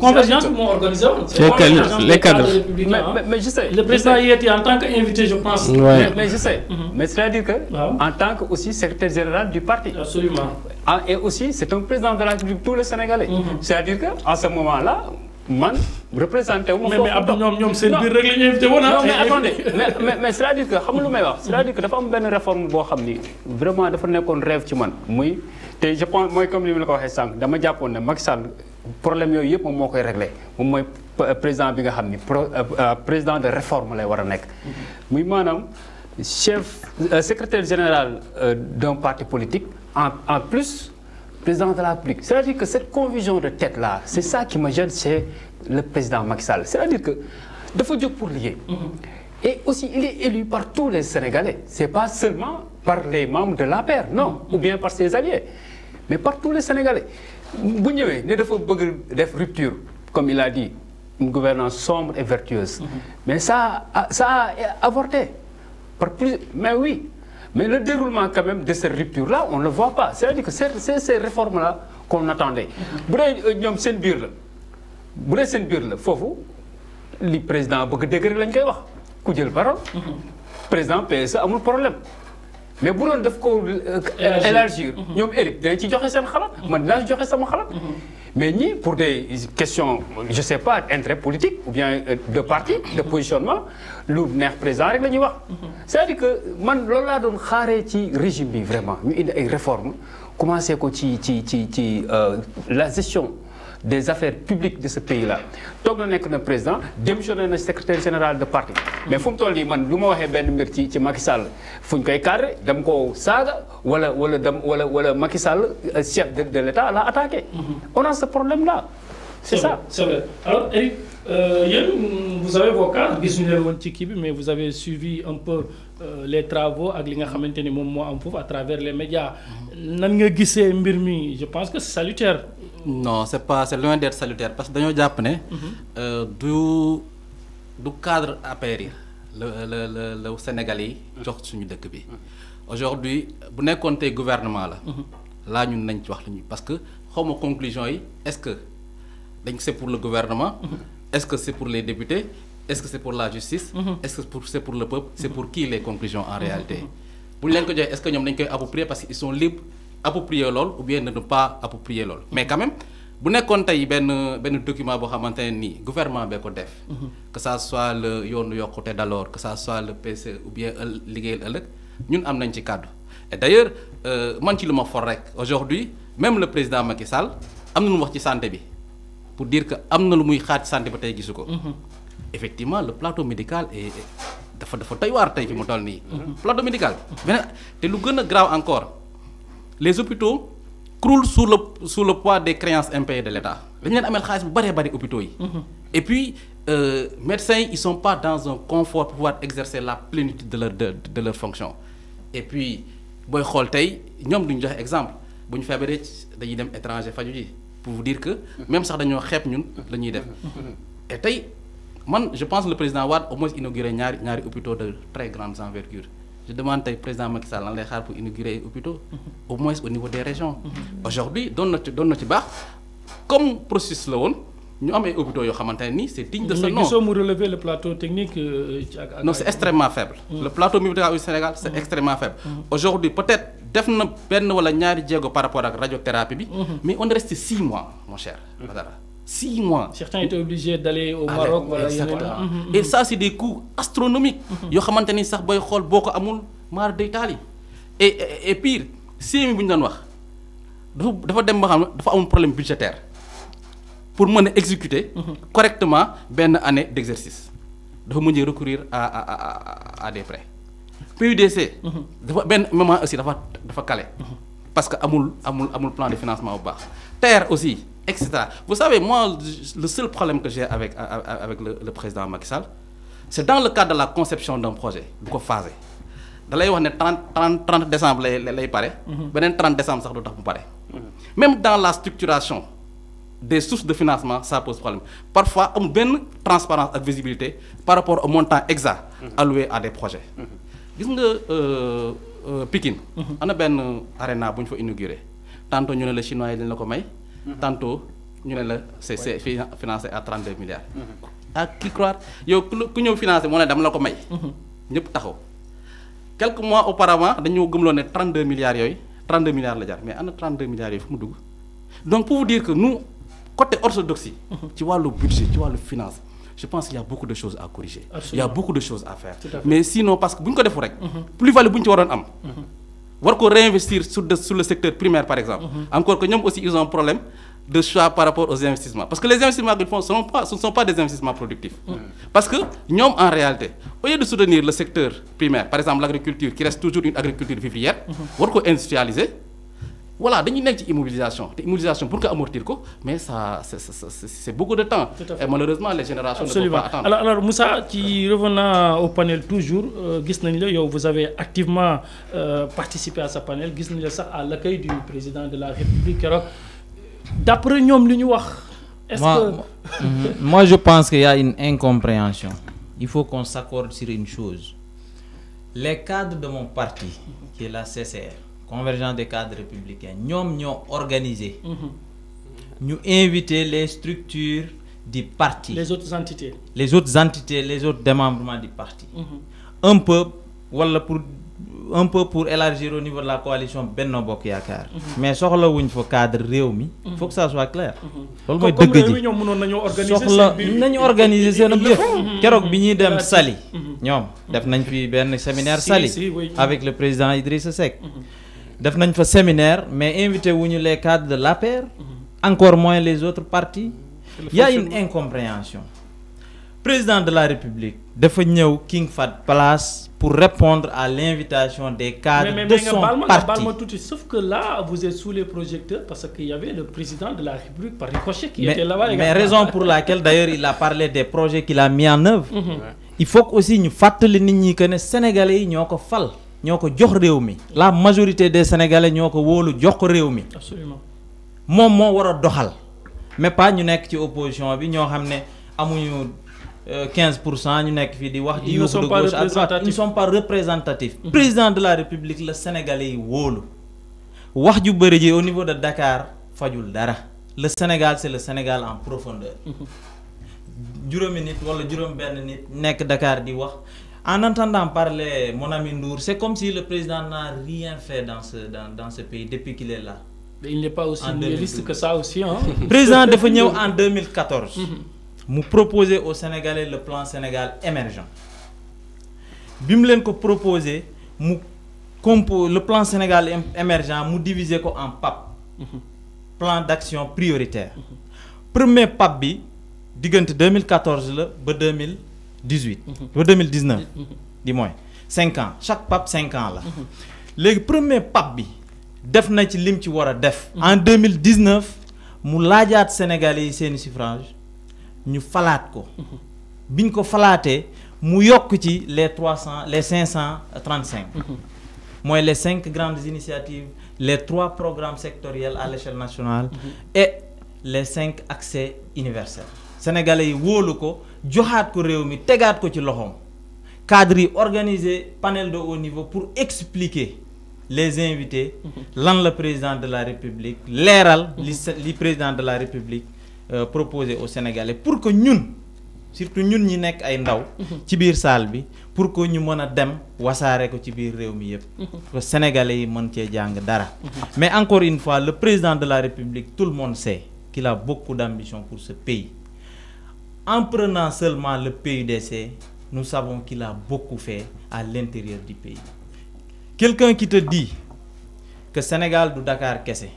S2: convergence moo hein. les cadres
S1: hein. mais je sais. le président y était en tant qu'invité je pense.
S6: mais
S2: je sais. Mm-hmm. mais cest à dire que. en tant que aussi secrétaire général du parti. absolument ah, et aussi c'est un président de la République tout le Sénégalais. Mm-hmm. c'est à dire que ce moment là man représenté wu ma. mais mais Abdou ñoom ñoom seen biir rek la ñu invité woon ah. mais attendez mais mais c' à dire que xam lu may wax. c' est à dire que dafa am benn réforme boo xam ni vraiment dafa nekkoon rêve ci man. muy te je pense mooy comme ni ma la ko waxee sànq dama jàppoon ne Macky Sall problème yooyu yëpp moom moo koy réglé moom mooy euh, président bi nga xam ni euh, euh, président de réforme lay war a nekk. muy maanaam chef secrétaire général d' un parti politique en en plus président de la République. C'est-à-dire que cette confusion de tête-là, c'est ça qui me gêne chez le président Macky C'est-à-dire que de faut Dieu pour lier. Mm-hmm. Et aussi, il est élu par tous les Sénégalais. Ce n'est pas seulement par les membres de la non, ou bien par ses alliés, mais par tous les Sénégalais. savez, il faut des rupture, comme il a dit, une gouvernance sombre et vertueuse. Mm-hmm. Mais ça, ça a avorté. plus, mais oui, mais le déroulement quand même de ces ruptures-là, on ne le voit pas. C'est-à-dire que c'est ces réformes-là qu'on attendait. c'est euh, le président ku jël parole président PS amul problème mais président doon daf ko euh, élargir Mais si on ci élargir, seen xalaat man Maintenant, joxe sama mhm. mais ni pour des questions je ne sais pas d'intérêt politique ou bien euh, de parti de positionnement L'ouvre n'est président c'est-à-dire que régime la gestion. des affaires publiques de ce pays-là tok na nek na président démissionné na secrétaire général de parti mais fum tolli man mbir ci ci Macky Sall koy dam ko chef l'État l'a mm-hmm. on a ce problème-là c'est ça. C'est vrai. Alors,
S1: Eric, euh, vous avez vos cadres.. mais vous avez suivi un peu euh, les travaux à li nga à travers les médias nan nga gisee
S4: mbir mi je pense que c'est salutaire. non c'est pas c'est loin d'être salutaire parce que nous avons ne. Mhm. Euh, du du cadre APR yi le, le, le, la Sénégal mhm. jox suñu dëkk bi. Mhm. aujourd'hui bu nekkoon le gouvernement Là laa ñun nañ ci parce que comme conclusion est-ce que. Donc c'est pour le gouvernement mhm. Est-ce que c'est pour les députés Est-ce que c'est pour la justice mhm. Est-ce que c'est pour, le peuple C'est mhm. pour qui les conclusions en réalité Est-ce que nous avons approprié parce qu'ils sont libres d'approprier l'ol ou bien ne pas approprier l'ol Mais quand même, Si vous avez un document qui le gouvernement a ko
S3: que
S4: ce soit le côté d'alors que ça soit le PC e ou bien le Nous nous ñun un et d'ailleurs euh, man ci lu ma for aujourd'hui même le président Macky Sall A un lu santé bi pour dire que am na lu muy xaar santé ba tey gisuko mhm. effectivement le plateau médical est dafa dafa tay war tay fi mu toll ni plateau médical. beneen te lu gëna grave encore les hôpitaux croulent sous le sous le poids des créances impayées de l'état Ils dañ leen ameel xaalis bu bëree bari hôpitaux yi. Mhm. et puis euh, médecins ils sont pas dans un confort pour pouvoir exercer la plénitude de leur de leur fonction et puis si xol tay ñom duñ jox exemple buñ ñu dañuy dem étranger faju pour vous dire que même si nous avons ñun ce qu'on def et je pense que le président Wade au moins inauguré un hôpital de très grande envergure je demande au président Macky Sall pour inaugurer hôpital, au moins au niveau des régions aujourd'hui dans notre comme processus la woon nous avons un hôpitaux yo est digne de ce nom nous sommes
S1: sommes relevé le plateau technique euh, non c'est extrêmement faible le plateau
S4: militaire au Sénégal c'est est mm-hmm. extrêmement faible mm-hmm. aujourd'hui peut-être def na benn wala ñaari jéego par rapport ak radiothérapie bi. Mhm. mais on reste resté six mois mon cher. Badara six mois. certains étaient obligés d'aller au Maroc. wala mhm, et mhm. ça c'est des coûts astronomiques. yoo xamante ni sax booy xool boo ko amul maar day taali. et et pire c'est bu ñu doon wax dafa dafa dem ba xam dafa amul problème budgétaire pour mën exécuter. correctement benn année d'exercice dafa mujjee recourir à à à à des prêts. PUDC. ben mhm. benn aussi il faut caler. parce que amul amul un plan de financement au bas. terre aussi etc. vous savez moi le seul problème que j'ai avec avec le président Macky Sall c'est dans le cadre de la conception d'un projet de ko phasé da wax 30 30 décembre il lay a 30 mhm. décembre ça doit tax pas même dans la structuration des sources de financement ça pose problème parfois on une transparence et visibilité par rapport au montant exact mhm. alloué à des projets. gis nga euh, euh, Pikine. Mhm. ana benn arena bu ñu fa inauguré tantôt ñu ne la chinois yi lañ la ko may. Mhm. tantôt ñu ne la c' est financé à 32 milliards. ak mhm. ki croire yow ku ñëw financé moo ne dama la ko may. ñëpp taxaw quelques mois auparavant dañoo gëmloo ne 32 milliards yooyu 32 milliards la jar mais ana 32 milliards yooyu fu mu dugg donc pour vous dire que nous orthodoxie ci wàllu budget ci wàllu finance. je pense qu'il y a beaucoup de choses à corriger. il y a beaucoup de choses à faire. mais sinon parce que si ko defu mhm. plus-value bu ci am. Mhm. réinvestir sur sur le secteur primaire par exemple. Mhm. encore que nous, aussi ils ont un problème de choix par rapport aux investissements parce que les investissements qu'ils font ce ne sont pas des investissements productifs. parce que nous, en réalité au lieu de soutenir le secteur primaire par exemple l'agriculture qui reste toujours une agriculture vivrière. war ko industrialiser voilà dañuy nekk ci immobilisation te immobilisation pour que amortir ko mais ça c'est c'est beaucoup de temps. et malheureusement les générations. ne peuvent pas attendre
S1: alors Moussa qui revenant au panel toujours euh, gis nañ la vous avez activement euh, participé à ce panel gis nañ la sax à l'accueil du président de la République d'après ñom li ñu wax. est-ce que
S5: moi je pense qu'il y a une incompréhension il faut qu'on s'accorde sur une chose les cadres de mon parti qui est la CCR convergence des cadres républicains nous avons organisé. avons mhm. invité les structures du parti. les autres entités. les autres entités les autres démembrements du parti. Mhm. un peu pour un peu pour élargir au niveau de la coalition Benno mhm. Mais mais cadre réunis, il faut que ça soit clair. séminaire avec le président Idriss Seck avons un séminaire mais invité les cadres de paire, mhm. encore moins les autres partis il y a une incompréhension président de la république dafa ñëw King une place pour répondre à l'invitation des cadres de son parti
S1: mais mais suite, sauf que là vous êtes sous les projecteurs parce qu'il y avait le président de la république par ricochet qui était là-bas. mais raison pour laquelle
S5: d'ailleurs il a parlé des projets qu'il a mis en œuvre. Mhm. il faut aussi que nous fassions que sénégalais Nous fal ñoo ko jox rewmi la majorité des sénégalais ñoo ko wóolu jox ko mi. absolument mom mo wara doxal mais pas ñu nekk ci opposition bi ño xamné amuñu 15 euh, ñu nekk fi di wax. di de gauche à droite ils sont pas représentatifs. Mm-hmm. président de la république le sénégalais wolu wax ju bëri au niveau de Dakar fajul dara le Sénégal c'est le Sénégal en profondeur. Mm-hmm. juróomi nit wala juroom ben nit nekk Dakar di wax. En entendant parler mon ami Nour c'est comme si le président n'a rien fait dans ce, dans, dans ce pays depuis qu'il est là. il n'est pas aussi nihiliste que ça aussi. Hein? le président est en 2014. Nous proposer aux Sénégalais le plan Sénégal émergent. Bim len ko proposé le plan Sénégal émergent, nous diviser en PAP. Plan d'action prioritaire. Premier PAP bi en 2014 le, 2000 18. 2019. Dis-moi. 5 ans chaque pape 5 ans là. Mhm. Le premier pape bi def lim ci def. Mhm. en 2019 mu lajat Sénégalais sen suffrage ñu falat ko. Mhm. biñ ko les 300 les 535. moy les cinq grandes initiatives les trois programmes sectoriels à l'échelle nationale. et les cinq accès universels. sénégalais yi ko. Johat ko réew mi ko ci cadre panel de haut niveau pour expliquer les invités lan le président de la république leeral li président de la république euh, proposé au Sénégalais pour que ñun surtout ñun ñi sommes ay ndaw ci biir salle pour que ñu mëna a dem wasaare ko ci biir réew mi pour que sénégalais yi mën mais encore une fois le président de la république tout le monde sait qu'il a beaucoup d'ambition pour ce pays en prenant seulement le PUDC, nous savons qu'il a beaucoup fait à l'intérieur du pays. Quelqu'un qui te dit que Sénégal du Dakar Kessé,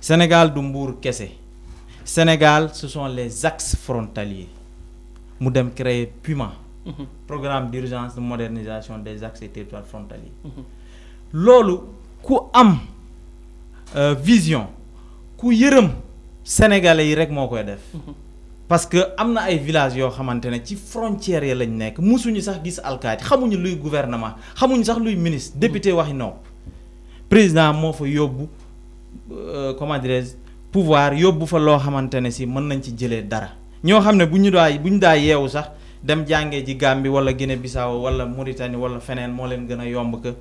S5: Sénégal du Mbour Kessé, Sénégal, ce sont les axes frontaliers. Nous devons créer Puma, mhm. programme d'urgence de modernisation des axes et territoires frontaliers. Lolo, vision, ce ku euh, vision ku sénégalais yi rek parce que y a des villages frontières. ci frontières ils gis xamuñu luy gouvernement xamuñu sax le ministre député waxi président fa euh, comment dirais pouvoir Ils fa si nañ dara ne Ils sax dem ji Gambie wala Guinée Bissau wala Mauritanie wala Ils mo len gëna yomb que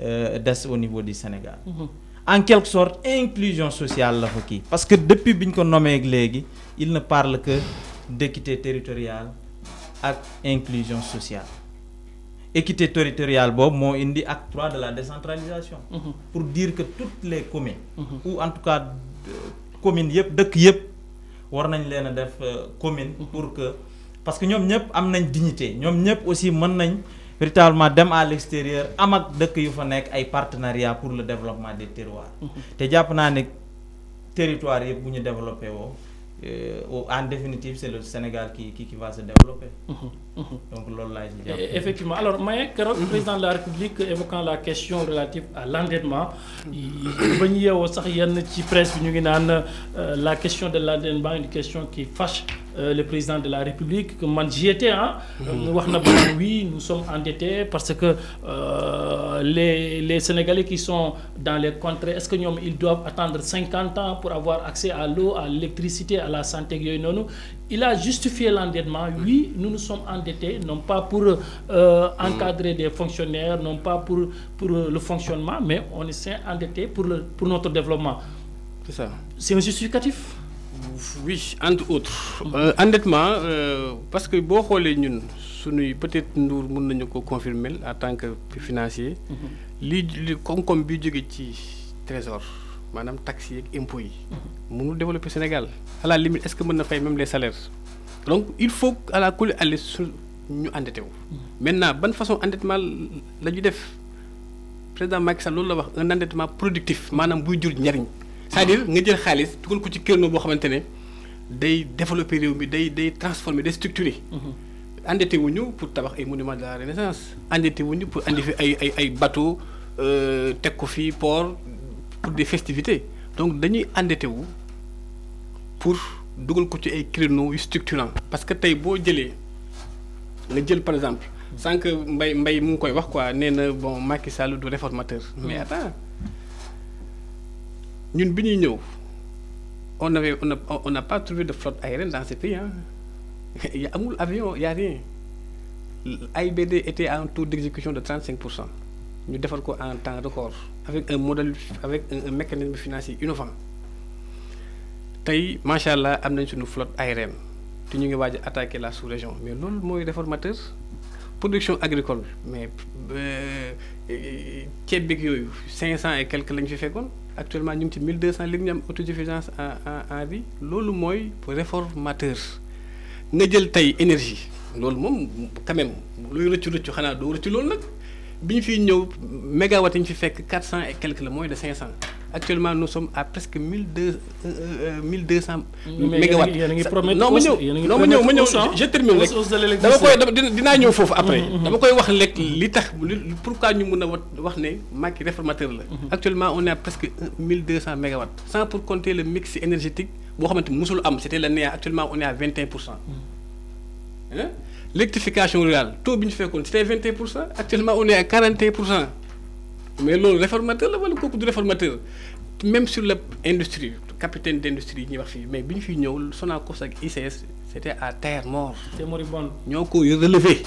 S5: euh, au niveau du Sénégal mhm. en quelque sorte inclusion sociale la parce que depuis que nous ko nommé, il ne parle que d'équité territoriale et inclusion sociale équité territoriale est un indi acte 3 de la décentralisation mm-hmm. pour dire que toutes les communes mm-hmm. ou en tout cas euh, communes yep, de yep, war nañ leen euh, mm-hmm. pour que parce que nous avons une dignité Nous avons aussi une nañ véritablement à l'extérieur am ak dëkk partenariat pour le développement des territoires. te jàpp naa territoires yep territoires développé Euh, en définitive c'est le Sénégal qui qui qui va se développer. Mm-hmm. Mhm. donc effectivement alors le président de la
S1: république évoquant la question relative à l'endettement il y a presse euh, la question de l'endettement une question qui fâche euh, le président de la république que man j'y étais hein. mhm. oui nous sommes endettés parce que euh, les les sénégalais qui sont dans les contrées est-ce qu'ils doivent attendre 50 ans pour avoir accès à l'eau à l'électricité à la santé il a justifié l'endettement. Oui, nous nous sommes endettés, non pas pour euh, encadrer des fonctionnaires, non pas pour, euh, le fonctionnement, mais on s'est endetté pour, le, pour notre développement. C'est
S6: ça. C'est un justificatif Oui, entre autres. Euh, endettement, parce que beaucoup nous, peut-être nous pouvons confirmer en tant que financier, le, le, du trésor maanaam taxes yi ak impôts yi. mënul développer Sénégal à la limite est-ce que mën na fay même les salaires donc il faut à la coulé aller su ñu endetté wu. maintenant ban façon endettement la ñu def président Macky Sall loolu la wax un endettement productif maanaam buy jur njariñ c'est-à-dire nga jël xaalis dugal ko ci kérno boo xamante ne day développer réew mi day day transformer day structurer.
S3: Mm-hmm.
S6: endetté wu ñu pour tabax ay monuments de la Renaissance endetté wu ñu pour andi fi ay ay ay bateaux euh, teg ko fii port pour des festivités donc dañuy endetté pour écrire nos structurants parce que si vous avez par exemple sans que mbay mbay koy réformateur mais mm. attends ñun on on n'a pas trouvé de flotte aérienne dans ces pays il hein. y a rien était à un taux d'exécution de 35 nous avons ko en temps record avec un modèle avec un mécanisme financier innovant tey macha allah suñu flotte aérienne te ñu ngi attaquer la sous-région mais qui est réformateur production agricole mais euh, ceeb et quelques lañ fi actuellement nous ngi ci 1200 deux am en en en riz loolu mooy réformateur nga jël tey énergie loolu moom quand même luy bi megawatt il ñëw mégawatt et quelques de 500 actuellement nous sommes à presque 1200 1200 euh, non mais hein. je termine après mm-hmm, mm-hmm. pourquoi mm-hmm. actuellement on est à presque 1200 MW. sans pour compter le mix énergétique c'était l'année actuellement on est à 21% l'électrification rurale taux est ñu c'était 21%, actuellement on est à 40%. mais le réformateur la wala du réformateur même sur l'industrie, le capitaine d'industrie mais bi ñu fiy ICS c'était à terre mort. c'est moribond. Ils été relevé.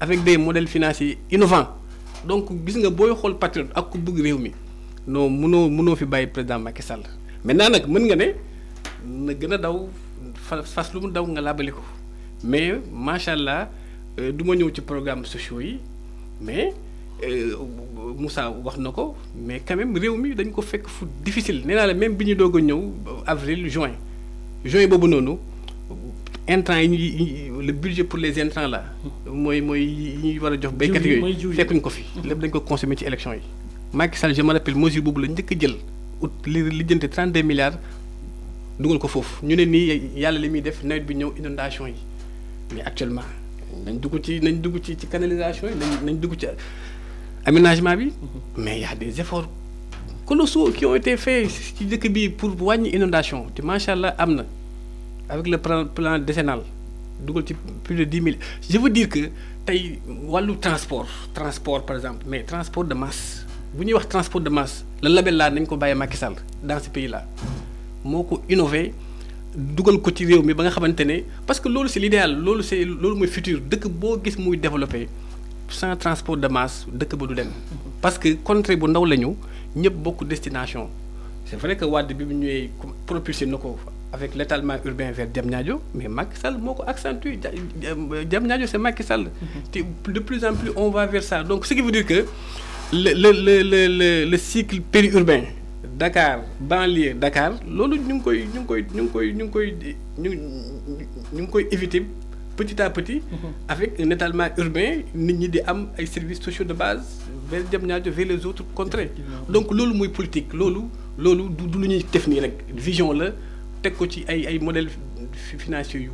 S6: avec des modèles financiers innovants donc gis nga booy un patriote ak ku bëgg réew mi non fi président Macky Sall maintenant nag peux nga ne na gën daw mais machallah allah euh, du ma ci programme sociaux yi mais euh, Moussa wax na ko mais quand même réew mi dañ ko fekk fu difficile nee naa la même bi ñu doog a ñëw avril juin juin boobu noonu intrants yi ñuy le budget pour les intrants là mooy mooy yi ñuy war a jox béykat yooyu fekkuñ ko fi lépp dañ ko consommer ci élection yi Macky Sall je me rappelle mesure boobu la njëkk jël ut li li jënte 32 milliards dugal ko foofu ñu ne nii yàlla li muy def nawet bi ñëw inondation yi mais actuellement nañ dugg ci nañ dugg ci ci canalisation yi nañ nañ ci aménagement bi mhm. mais il y a des efforts colossaux qui ont été faits ci dëkk bi pour wàññi inondation te macha allah am avec le plan décennal dugal ci plus de dix mille je veux dire que tey wàllu transport transport par exemple mais transport de masse bu ñuy wax transport de masse le label laa nañ ko bàyyi Macky Sall dans ce pays là moo ko innové dugal ko ci réew mi ba nga xamante parce que loolu c'est l'idéal loolu c'est loolu mooy futur dëkk boo gis muy développé sans transport de masse dëkk que du dem parce que contrée bu ndaw la ñu beaucoup de destination c'est vrai que Wade bi propulsé na avec l'étalement urbain vers Diamniadio mais Macky Sall moo ko accentue Diamniadio c'est Macky de plus en plus on va vers ça donc ce qui veut dire que le le le le le cycle périurbain Dakar banlieue Dakar nous ñu petit à petit. Mhm. avec un étalement urbain nit ñi di services sociaux de base vers les autres contrées. donc politique loolu loolu du vision la modèles financiers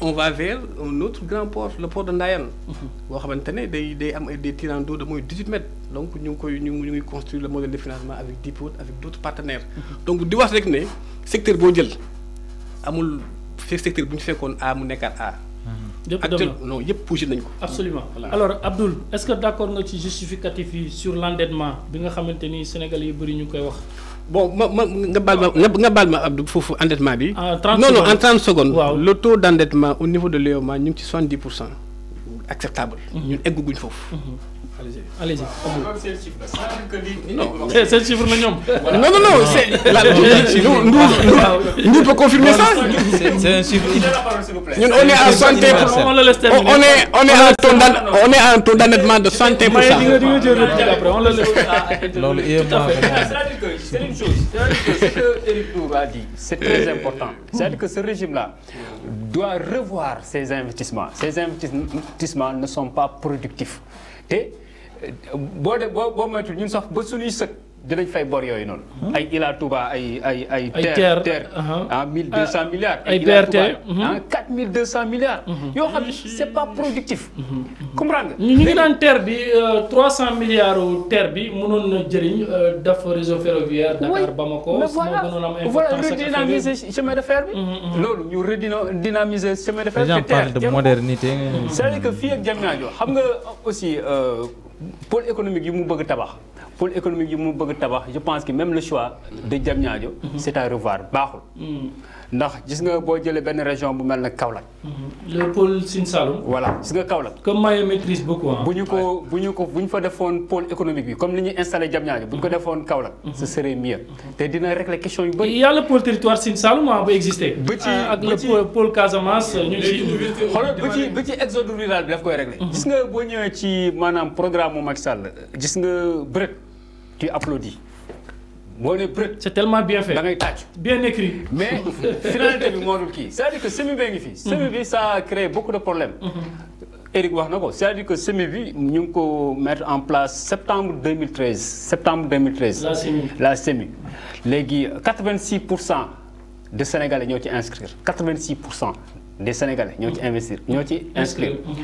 S6: on va vers un autre grand port le port de Ndayane vous mhm. xamante des day des tirants d'eau de moins de 18 mètres donc nous avons construit le modèle de financement avec DIPOT, avec d'autres partenaires mhm. donc di wax que le secteur boo jël amul secteur bu qu'on A mu A mhm. non yëpp poussé nañ ko. absolument alors
S1: Abdoul est-ce que d'accord avec ci justificatif sur l'endettement que nga avons Sénégal yi ñu bon
S6: je vais nga baal ma nga Abdou endettement bi. Ah, non non en 30 secondes. le taux d'endettement au niveau de l'UEMOA ñu ci 70 acceptable. Mm-hmm. ñun
S1: Allez-y, c'est le
S6: chiffre, non, non, non, non c'est.
S5: La... Nous, nous, confirmer ça
S2: C'est un chiffre.
S6: on est à santé on, est, on, à on est un taux d'endettement de santé pour ça. On le
S2: C'est une chose. C'est que Eric C'est très important. cest que ce régime-là doit revoir ses investissements. Ses investissements ne sont pas productifs. Et boo de boo boo moytul ñun sax ba suñuy sëkk dinañ fay bor yooyu noonu. Hmm. ay Ila Touba ay ay ay. ay terre terre uh-huh. ah 1200 ah, milliards. ay BRT uh-huh. ah uh-huh. yoo bi
S1: 300 milliards terre bi euh, bi. loolu euh, ñu redynamiser
S2: chemin de fer. te mm-hmm, mm-hmm. terre parle de modernité. c' est à dire que fii xam nga aussi. Euh, pôle économique yi mu bëgg tabax pôle économique yi mu bëgg tabax je pense que même le choix de Diamniadio mhm. c'est à revoir baaxul mhm. ndax gis nga bo jëlé ben région bu melni Kaolack. Mhm. le pôle Sine Saloum. voilà gis nga Kaolack. comme Mayo maîtrise beaucoup ah. bu ko buñu ko buñ fa defoon pôle économique bi comme liñu installer installé Diamniadio bu ko defoon Kaolack. Mhm. ce serait mieux. Mhm. té dina
S1: régler question yu bari y le pôle territoire Sine Saloum bu existé. ba ci ah, ak le pôle Casamance ñu ci. xol ba ci ba ci exode rural bi daf koy régler. gis nga bo ñëw ci manam programme
S2: Macky Sall gis nga bërët tu applaudis. c'est tellement bien fait bien écrit. mais finalité qui c'est-à-dire que semi bénéfice mhm. semi ça a créé beaucoup de problèmes. Eric mhm. wax c'est-à-dire que semi vie nous mettre en place septembre 2013 septembre 2013. la semi la semi 86 des de Sénégalais nous ont inscrire 86 des Sénégalais nous ont investir Nous inscrire. Mhm.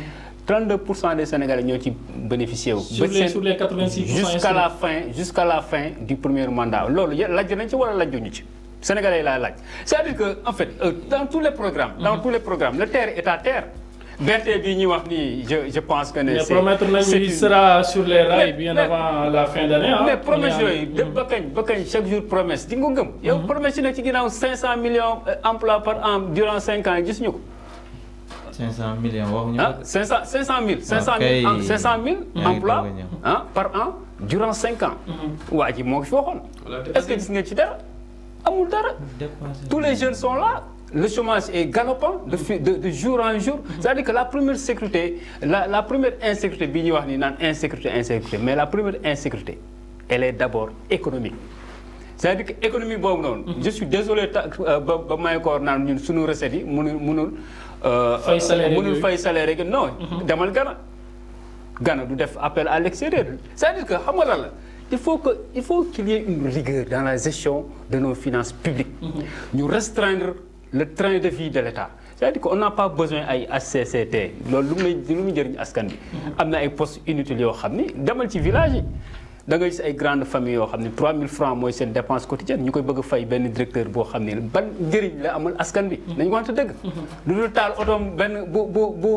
S2: 32 des Sénégalais qui bénéficient. bénéficié jusqu'à la fin la fin du premier mandat C'est ce ci Sénégalais là. c'est-à-dire que en fait euh, dans tous les programmes. dans mhm. tous les programmes le terre est à terre. berté je pense que c'est mais promettre nañu il sera sur les rails bien avant la fin d'année l'année. Hein. mais promesse yooyu. Mhm. chaque jour promesse di nga mhm. promesse 500 millions d'emplois euh, par an durant 5 ans
S5: 500 000
S2: emplois par an durant 5 ans. Mhm. ou à est-ce que tu ci tous les jeunes sont là. le chômage est galopant de, de, jour en jour. Mhm. C'est-à-dire que la première sécurité, la, première insécurité, insécurité, insécurité, mais la première insécurité, elle est d'abord économique. C'est-à-dire que l'économie, mhm. je suis désolé, je suis désolé, euh, fay salaire fay salaire non. Mhm. demal gana Ghana du def appel à l'extérieur c'est-à-dire que xam nga lan la il faut que il faut qu'il y ait une rigueur dans la gestion de nos finances publiques. Mhm. ñu restreindre le train de vie de l'État c'est-à-dire qu'on n'a pas besoin ay HCCT loolu lu muy lu muy jëriñ askan bi. Mhm. am ay postes inutiles yoo xam ni ci village da ngay gis ay grande famille yoo xam 3000 francs mooy seen dépense quotidienne ñu koy bëgg fay benn directeur boo xam ne ban njëriñ la amal askan bi. Mm-hmm. nañu ko wante dëgg. Mm-hmm. lu dul taal otoom benn bu bu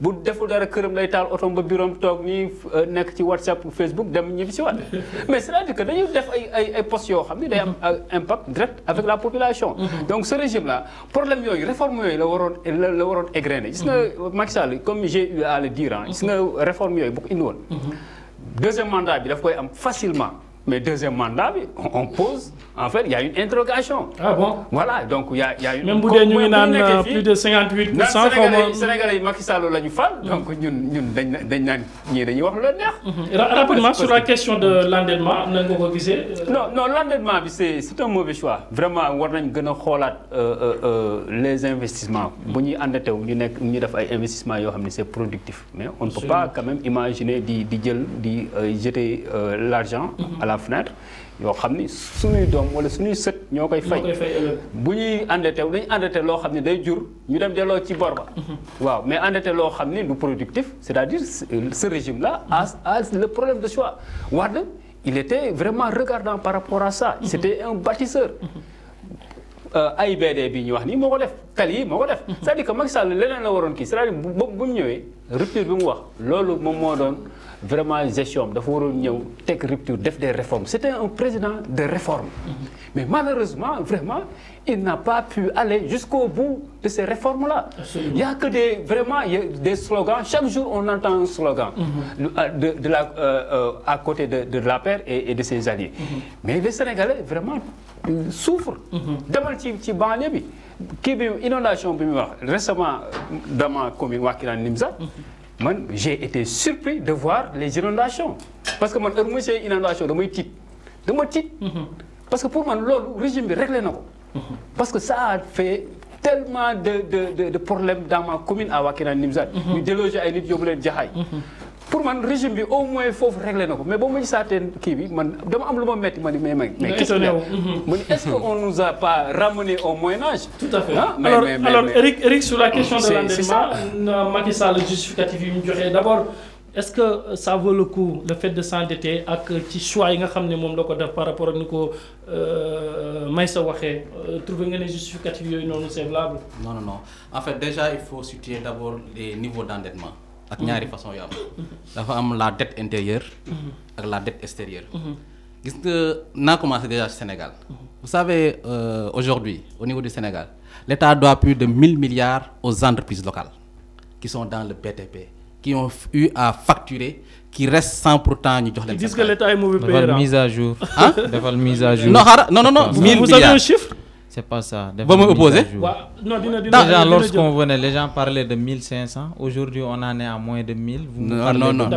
S2: bu deful dara këram lay taal otoom ba birom tok nii euh, nek ci whatsapp facebook dem ñibbi ci waat mais c'est-à-dire que dañu def ay ay ay postes yoo xam day am mm-hmm. euh, impact direct avec la population. donc ce régime là problème yoy réforme yoy la waron la waron égrener. gis nga Macky Sall comme j'ai eu à le dire hein, gis nga réforme yoy bu ko won deuxième mandat il faut koy facilement mais deuxième mandat on pose en fait il y a une interrogation. ah bon voilà donc il y a il y a une. même si nous, ñu euh, plus de 58 pour cent. Sénégalais Sénégalais Macky Sall la ñu donc hmm. ñun ñun dañ dañ naan ñii wax hmm,
S1: hmm.
S3: rapidement sur la
S2: question de l'endettement, vous avons nga ko euh, non non l'endettement, un mauvais choix. vraiment war nañ euh, euh, euh, les investissements. bu ñuy endetté wu un investissement investissements c'est productif. mais on ne peut pas quand même imaginer de jeter l'argent à la fenêtre yoo xam ni suñuy doom wala suñuy sët ñoo koy fay bu ñuy endetté dañu endetté loo xam ne day jur ñu dem delloo ci bor mm-hmm. waaw mais endetté loo xam ne du productif c'est-à-dire ce régime là a a le problème de choix Wade il était vraiment regardant par rapport à ça mm-hmm. c'était un bâtisseur mm-hmm. euh, AIBD bi ñu wax nii moo ko def tali yi moo def c'est-à-dire que Macky Sall leneen la waroon kii c'est-à-dire bu mu rupture bi mu wax loolu moom moo doon vraiment gestion rupture def des réformes c'était un président de réforme mais malheureusement vraiment il n'a pas pu aller jusqu'au bout de ces réformes là il y a que des vraiment des slogans chaque jour on entend un slogan mm-hmm. euh, de, la, euh, euh, à côté de, la paire et, de ses alliés mm-hmm. mais les Sénégalais vraiment souffrent mm-hmm. demal ci ci bi inondation bi récemment dama commune Nimza j'ai été surpris de voir les inondations parce que mon heure mu see inondation damay De ma tiit. parce que pour moi, le régime est réglé parce que ça a fait tellement de de de problèmes dans ma commune à Wakina-Nimzad. Mhm. ñu déloger ay nit yóbbu leen jaxaay. Mhm pour le régime au moins il faut régler mais bon, je gisaatee kii bi man dama am lu metti mais qu'est-ce que mhm. est-ce qu'on nous a pas ramené au Moyen Âge. tout à fait ah, alors Eric Eric sur la question de l'endettement Macky Sall
S1: justificatif yi d'abord. est-ce que ça vaut le coup le fait de s'endetter ak ci choix yi nga xam ne par rapport à ni ko euh,
S4: Maïssa waxee euh, trouver nga ne non yooyu non non non en fait déjà il faut situer d'abord les niveaux d'endettement ak ñaari façon yu dafa la dette intérieure ak la dette extérieure gis nga commencé déjà au Sénégal vous savez euh, aujourd'hui au niveau du Sénégal l'État doit plus de 1000 milliards aux entreprises locales qui sont dans le PTP qui ont eu à facturer qui restent sans pourtant ñu jox ils disent que l'État est mauvais payeur. defal hein. mise à jour. ah mise à jour. non non non vous avez un chiffre. C'est pas ça. Vous me
S5: lorsqu'on venait, les gens parlaient de 1500. Aujourd'hui, on en est à moins de 1000. non, non, non.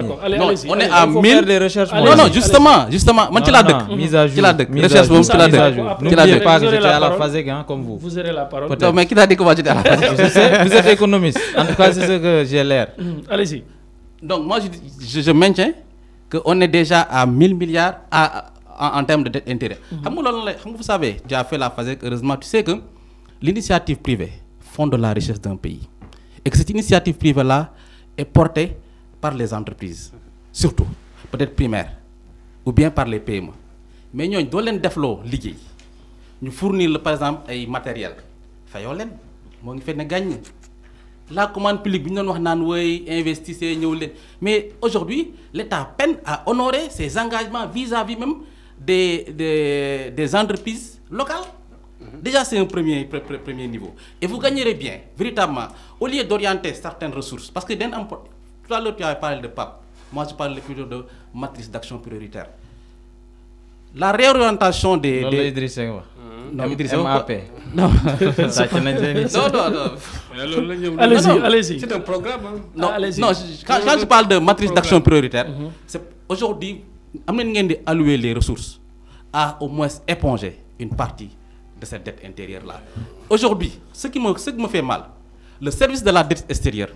S5: On est à 1000. des recherches. non, non, justement. justement. tu Mise à jour. tu
S4: pas à la phase hein, comme vous. Vous aurez la parole. mais qui Je que j'ai mm, Allez-y. Donc, moi, je, qu'on est déjà à 1000 milliards. À, en, termes de dette intérêt Hamou, mhm. vous savez j'ai fait la phase, heureusement tu sais que l'initiative privée fonde la richesse d'un pays et que cette initiative privée là est portée par les entreprises surtout peut-être primaires ou bien par les PME mais nous avons leen defloo liggéey ñu par exemple des matériels. Nous leen ngi la commande publique nous ñu investi, mais aujourd'hui l'État peine à honorer ses engagements vis-à-vis même des, des, des entreprises locales. Mhm. Déjà, c'est un premier, premier niveau. Et vous gagnerez bien, véritablement, au lieu d'orienter certaines ressources. Parce que tout à l'heure, tu avais parlé de PAP. Moi, je parle plutôt de matrice d'action prioritaire. La réorientation des. Non, des... Idriss mhm. Non, Idriss MAP. Non. non, non, non. Allez-y, allez-y. C'est un programme. Hein. Non, ah, non quand, je parle de matrice d'action prioritaire, mhm. c'est aujourd'hui, am allouer les ressources à au moins éponger une partie de cette dette intérieure là aujourd'hui ce qui me ce me fait mal le service de la dette extérieure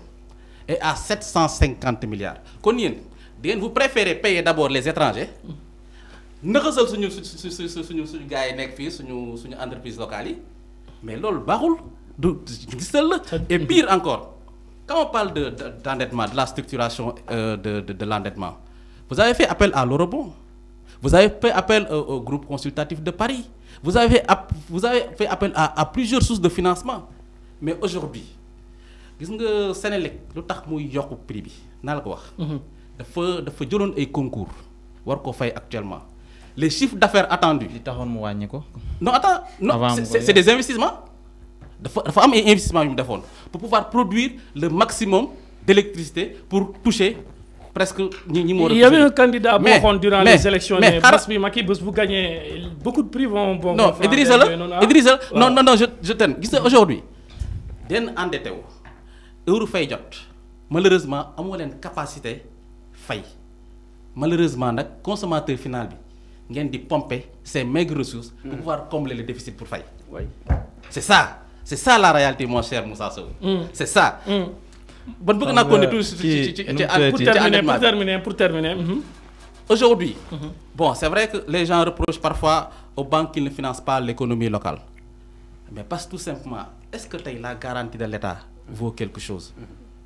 S4: est à 750 milliards vous préférez payer d'abord les étrangers Nous suñu suñu suñu mais du gisal et pire encore quand on parle de d'endettement de la structuration euh, de de l'endettement vous avez fait appel à l'Orobon. Vous avez fait appel au, au, groupe consultatif de Paris. Vous avez, vous avez fait appel à, à plusieurs sources de financement. Mais aujourd'hui, gis nga Sénélec lu tax muy yokk prix bi naa la ko wax. Mhm. dafa dafa jëloon ay concours war ko fay actuellement les chiffres d'affaires attendus. non attends non c'est des investissements dafa dafa am des investissements pour pouvoir produire le maximum d'électricité pour toucher presque il y avait un candidat à xoon durant les élections mais bés
S1: bi Macky Bous, beaucoup de prix vont. bon. non
S6: Idrissa
S4: non
S3: ah.
S4: non non je je t'aime aujourd'hui den endetté wu heure fay jot malheureusement une leen capacité fay malheureusement le consommateur final bi a di pomper ces maigres ressources. pour hmm. pouvoir combler le déficit pour fay. oui c'est ça c'est ça la réalité mon cher Moussa Sow. Hmm. c'est ça. Hmm bon terminer terminer terminer. Mhm. aujourd'hui mhm. bon c'est vrai que les gens reprochent parfois aux banques qu'ils ne financent pas l'économie locale mais parce tout simplement est-ce que as la garantie de l'État vaut quelque chose.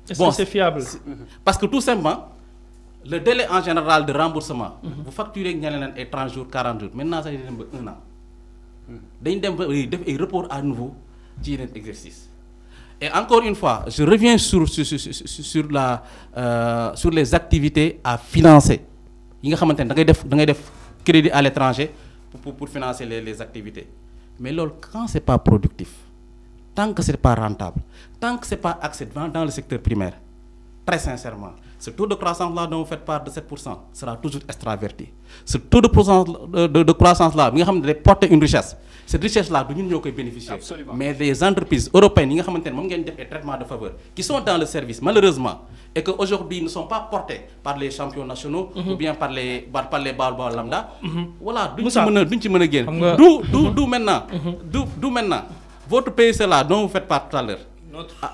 S4: est c'est fiable parce que tout simplement. le délai en général de remboursement. Mhm. vous facturez ñu 30 jours 40 jours maintenant ça fait un an. dañu dem ba report à nouveau ci exercice et encore une fois, je reviens sur, sur, sur, la, euh, sur les activités à financer. Il y a des crédits à l'étranger pour, pour, financer les, les activités. Mais quand ce n'est pas productif, tant que ce n'est pas rentable, tant que ce n'est pas accessible dans le secteur primaire, très sincèrement, ce taux de croissance-là dont vous faites part de 7% sera toujours extraverti. Ce taux de, euh, de, de, de croissance-là, vous porter une richesse cette richesse là nous ñun mais les entreprises européennes faveur qui sont dans le service malheureusement et que aujourd'hui ne sont pas portés par les champions nationaux mhm. ou bien par les par les lambda mhm. voilà d'où maintenant mhm. d'où maintenant votre pays c'est là dont vous faites part tout à l'heure ah.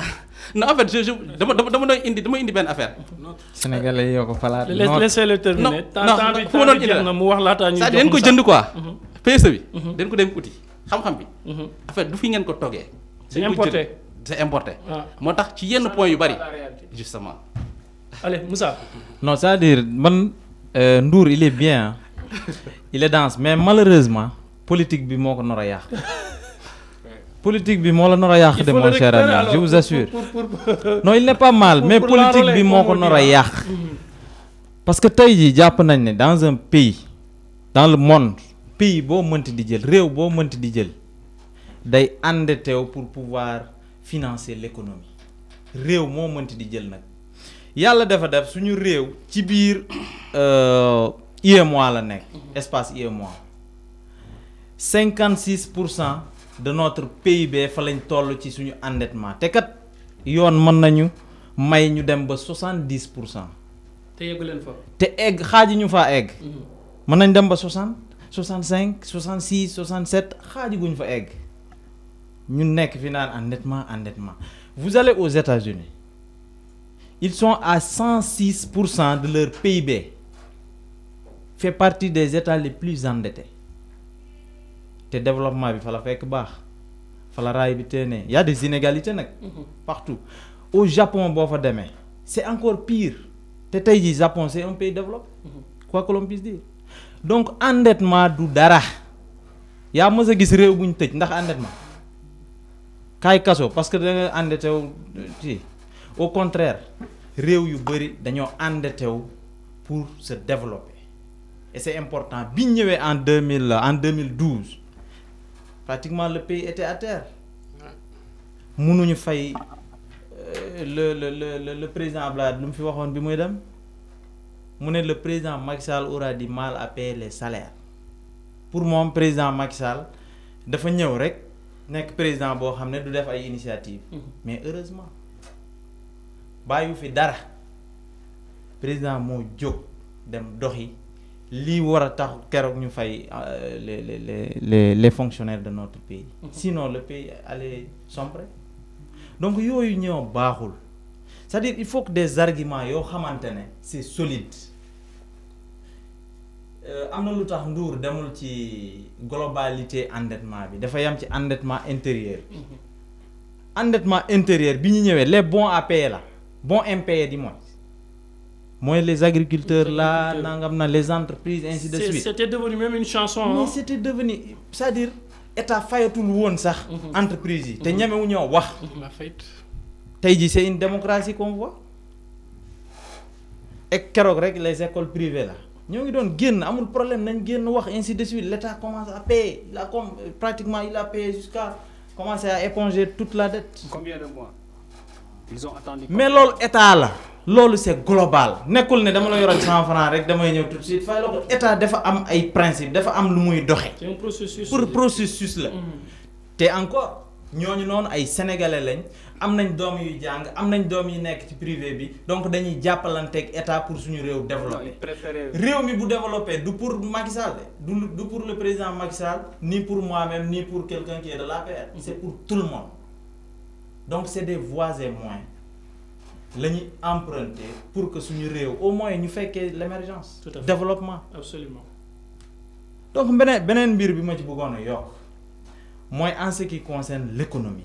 S4: non en fait je affaire. laissez le terminer. PSE bi. Mhm. dañ ko dem uti xam-xam bi. Mhm. fait du fi ngeen ko toggee. c'est importé c'est importé. Ah. moo tax ci yenn point yu bari. justement allez Moussa.
S5: non c'est-à-dire man euh, Ndour il est bien il est dense mais malheureusement politique bi moo ko nar politique bi moo la nar mon cher ami je vous assure
S3: non il n'est pas mal mais politique bi moo ko nar mhm.
S5: parce que tey jii jàpp nañ ne dans un pays dans le monde pays bo di jël réew bo di jël pour pouvoir financer l'économie réew mo mënti di jël nak yalla dafa def suñu ci euh, espace 56% de notre PIB fa lañ toll ci suñu endettement te kat yoon mën nañu may ñu dem ba
S1: te
S5: fa. egg mhm. 65 66 67 xaajiguñ fa egg vous allez aux États-Unis ils sont à 106 de leur PIB fait partie des États les plus endettés Le développement bi faire y a des inégalités mhm. partout au Japon c'est encore pire Le Japon c'est un pays développé mhm. quoi que l'on puisse dire donc endettement du dara yaa mës a gis réew bu ñu tëj ndax endettement Kay kasso parce que da nga endetté au contraire réew yu bëri dañoo endetté pour se développer et c'est important bi ñëwé en 2000 en 2012 pratiquement le pays était à terre mënuñu fay euh, le le le le président Blade num fi waxone bi muy dem le président Macky aura du mal à payer les salaires pour mon président Macky Sall dafa venu... rek président boo xam ne du def ay initiative mhm. mais heureusement bàyyu fi Le président moo jóg dem Dohi. Li wara a tax kérok ñu fay euh, les les les les fonctionnaires de notre pays. Mhm. sinon le pays allait sombrer donc yooyu de baaxul c'est-à-dire il faut que des arguments yo xamantene c'est solide euh amna lutax Ndour demul ci globalité endettement bi dafa yam ci endettement intérieur mhm. endettement intérieur bi ñu ñëwé les bons à payer la bons impayés di mooy mooy les agriculteurs là nangam na les entreprises ainsi de suite c'était devenu même une chanson hein. mais c'était devenu c'est-à-dire état fayatul woon sax mhm. entreprise yi te mhm. ñemewu ñoo wax tey c'est une démocratie qu'on voit et keroog rek les écoles privées la ñoo ngi doon génn amul problème nañ génn wax ainsi de suite l'État commence à payer il a pratiquement il a payé jusqu'à commencer à éponger toute la dette. combien de mois. ils ont attendu. mais l'État état la. c'est global nekkul ne dama la yoral cent francs rek damay ñëw tout de suite fay la ko état dafa am ay principe dafa am lu muy doxe c'est
S1: un processus pour
S5: processus la. Mhm. te encore ñooñu noonu ay sénégalais lañ am nañ doom yu jàng am nañ doom yu nekk ci privé bi donc dañuy jàppalanteeg état pour suñu réew développé réew mi bu développé du pour Macky du du pour le président Macky Sall ni pour moi-même ni pour quelqu'un qui est de paix. c'est pour tout le monde donc c'est des voies et moyens la ñuy emprunter pour que suñu réew au moins ñu fekkee l'émergence développement absolument donc beneen beneen mbir bi ma ci bëggoon a moi en ce qui concerne l'économie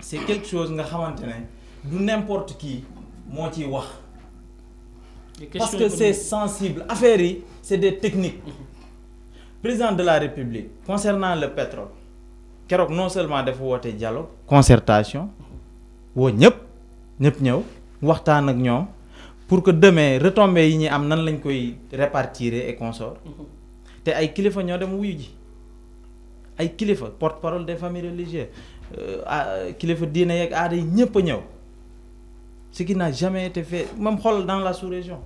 S5: c'est quelque chose nga xamantene du n'importe qui mo ci wax parce que c'est sensible affaire c'est des techniques mhm. président de la république concernant le pétrole kérok non seulement dafa woote dialogue concertation wo ñep ñep ñew waxtaan ak pour que demain retombées yi ñi am nan lañ koy répartir et consort mhm. té ay kilifa ñoo dem wuyu ay kilifa porte parole des familles religieuses euh, ah, kilifa diine yeeg aada yi ñëpp ce qui n'a jamais été fait même dans la sous-région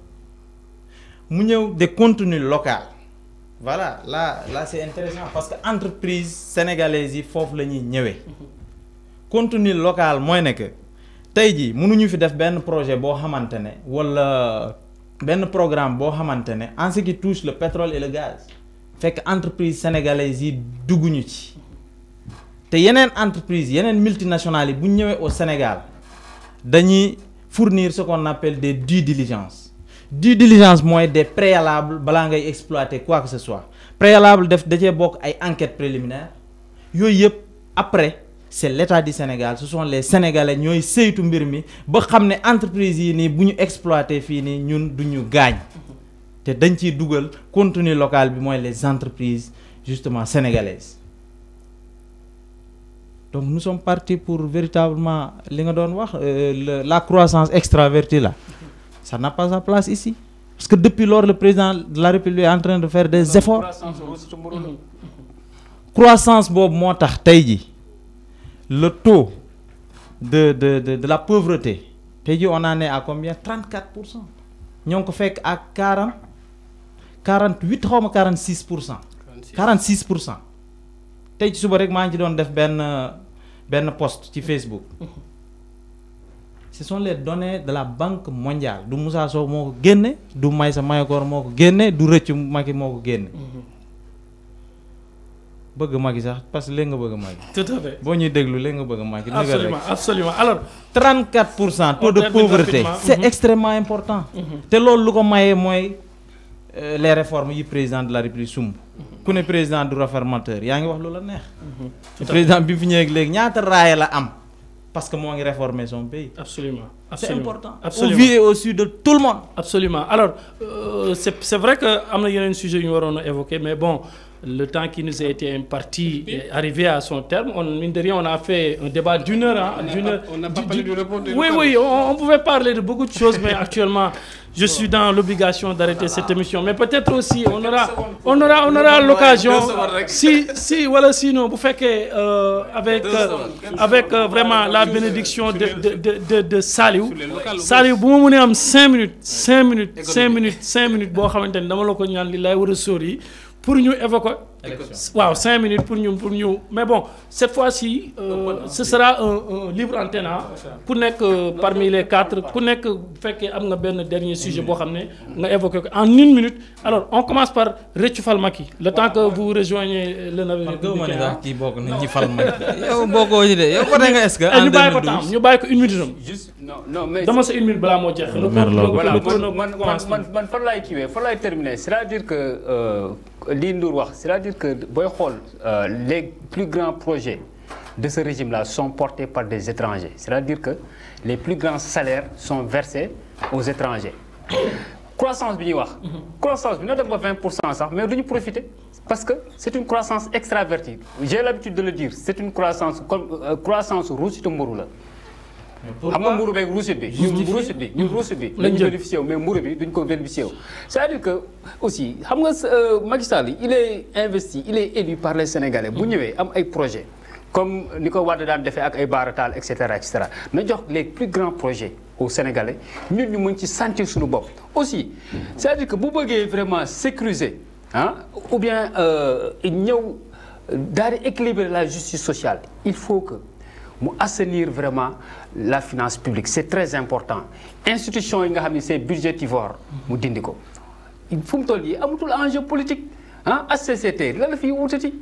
S5: mu ñëw des contenus locaux voilà là là c'est intéressant parce que entreprise sénégalaise yi foofu la ñuy ñëwee contenu local mooy ne que tey jii mënuñu fi def benn projet boo xamante ne programme en ce qui touche le pétrole et le gaz fekk entreprise sénégalaise yi dugguñu ci te yeneen entreprise yeneen multinationales yi bu multinationale, au Sénégal dañuy fournir ce qu'on appelle des due diligence due diligence mooy des préalables balaa ngay exploiter quoi que ce soit préalable def da cee bokk ay enquêtes préliminaires après c'est l'État du Sénégal ce sont les Sénégalais qui saytu mbir mi ba xam ne entreprise yi nii bu ñu exploiter fii nii ñun gagné te dañ dans dugal contenu local bi les entreprises justement sénégalaises donc nous sommes partis pour véritablement li nga euh, la croissance extravertie là ça n'a pas sa place ici parce que depuis lors le président de la République est en train de faire des efforts croissance boobu moo tax ji le taux de de de de la pauvreté on en est à combien 34 pour cent ñoo à 40 48 xaw 46 pour 46 pour tey ci suba rek maa ngi ci doon def benn benn post ci Facebook. ce sont les données de la banque mondiale du Moussa Sow moo ko génne du Maysa Mayakoor moo ko génne du rëccu Macky moo ko génne. bëgg Macky sax parce que léegi nga bëgg Macky. tout à fait boo ñuy déglu léegi nga bëgg Macky. absolument absolument alors. 34 pour cent taux de pauvreté. c' est mhm. extrêmement important. Mhm. te loolu lu ko mayee mooy. Euh, les réformes du président de la république Soum. ku président du réformateur yaa ngi wax lu la Le mhm. président bi fi ñëwee léegi ñaata raaya la am parce que moi, ngi réformer son pays absolument c'est important au vie et au su de tout
S1: le monde absolument alors euh, c'est c'est vrai que y a un sujet que nous avons évoqué, mais bon le temps qui nous a été imparti est arrivé à son terme. On, mine on a fait un débat d'une heure. Hein, on n'a pas, parlé du répondre. Oui, oui, on, pouvait parler de beaucoup de choses, mais actuellement, je suis dans l'obligation d'arrêter cette émission. Mais peut-être aussi, on aura, on aura, on aura l'occasion. Si, si, voilà, sinon, vous faites euh, avec, euh, avec euh, vraiment la bénédiction de, de, de, de, vous avez 5 minutes, 5 minutes, 5 minutes, 5 minutes, 5 minutes, pour ñu évoquer. waaw cinq minutes pour ñu pour ñu mais bon cette fois-ci. Euh, ce sera un, un libre antenne hein. ku nekk euh, parmi les quatre ku nekk bu fekkee am nga benn dernier sujet mm-hmm. boo xam nga évoquer en une minute alors on commence par Reccu Fal Macky le temps que vous rejoignez le navire. man gëw ma ne sax kii bokk na ci Fal Macky. yow
S5: bokkoo ci de yow côté nga est-ce que. Eh, en 2012 ko temps
S1: ñu bàyyi ko une minute juste non non mais. dama c'est une minute balaa moo jeex.
S5: voilà
S2: man
S1: man man fan laay
S2: kiiwee fan laay terminer c'est-à-dire que. Euh, c'est-à-dire que euh, les plus grands projets de ce régime-là sont portés par des étrangers c'est-à-dire que les plus grands salaires sont versés aux étrangers croissance bi croissance na 20 mais profiter parce que c'est une croissance extravertie j'ai l'habitude de le dire c'est une croissance euh, croissance xam nga mburu beeg ruusit bi ñu ruusit mais mburu bi duñ ko c'est-à-dire que aussi xam nga euh, Macky Sall il est investi il est élu par les Sénégalais bu hum. ñëwee am ay projet comme ni ko Wade daan defee ak ay baarataal et cetera jox les plus grands projets aux Sénégalais ñun ñu mën ci sentir suñu bopp aussi c'est-à-dire que bu bëggee vraiment sécuriser hein ou bien euh, ñëw daal équilibrer la justice sociale il faut que mu assainir vraiment la finance publique c'est très important institution yi nga xam ne Il faut mu dindi ko fu mu toll enjeu politique hein, ah HCCT la fi wutati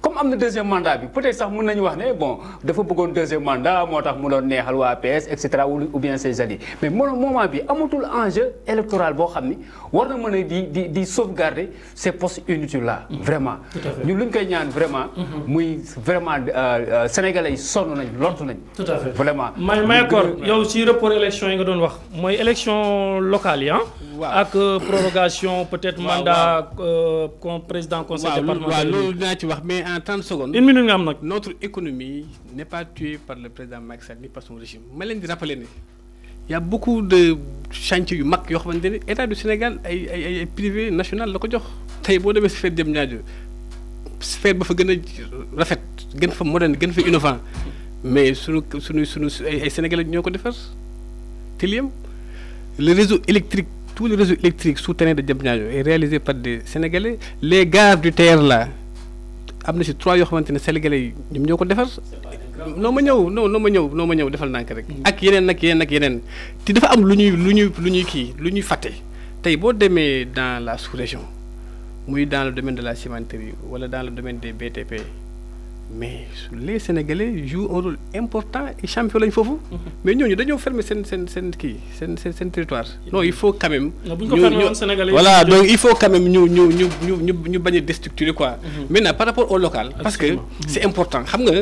S2: comme am deuxième mandat peut-être sax mën nañu wax ne bon dafa deuxième mandat moi tax mu doon à l'OAPS, PS ou bien ses alliés mais moom moment bi amatul enjeu électoral boo xam ni war na mën a di di di sauvegarder ces postes inutiles là. Mmh. vraiment ñu luñ koy ñaan vraiment. Mmh. muy vraiment euh, euh, sénégalais yi sonn nañ lott nañ. tout à fait vraiment. may may accord
S1: yow si report élection nga doon wax mooy élection locale hein avec ah? euh, prorogation
S6: peut-être mandat. comme président conseil départemental. ci wax mais en 30 secondes. une minute nga notre économie n'est pas tuée par le président Macky Sall ni par son régime ma leen di rappeler il y' a beaucoup de chantiers yu mag yoo xamante ne état du Sénégal ay ay privé national la jox. tey boo demee si fête jëm ñaajo ba fa gën
S3: a
S6: gën fa moderne gën fa innovant mais sunu sunu sunu ay Sénégalais ñoo ko defar te le réseau électrique. tout le réseau électrique soutenu de Diamniadio est réalisé par des Sénégalais. Les gares du terre là, il y a trois yoo xamante ne sénégalais yi ñoom ma non ma ñëw noo ma ñëw defal non, rek ak yeneen non, yeneen non, dafa am lu ñuy lu ñuy lu ñuy kii dans la sous-région muy dans le domaine de la cimenterie wala dans le domaine des BTP mais les sénégalais jouent un rôle important et champion lañ fofu mhm. mais ñooñu dañoo fermer sen sen sen ki sen sen, sen territoire. non il faut quand même. voilà donc il faut quand même ñu ñu ñu ñu ñu ñu bañ déstructurer quoi. Mhm. maintenant par rapport au local. parce que mhm. c'est important xam nga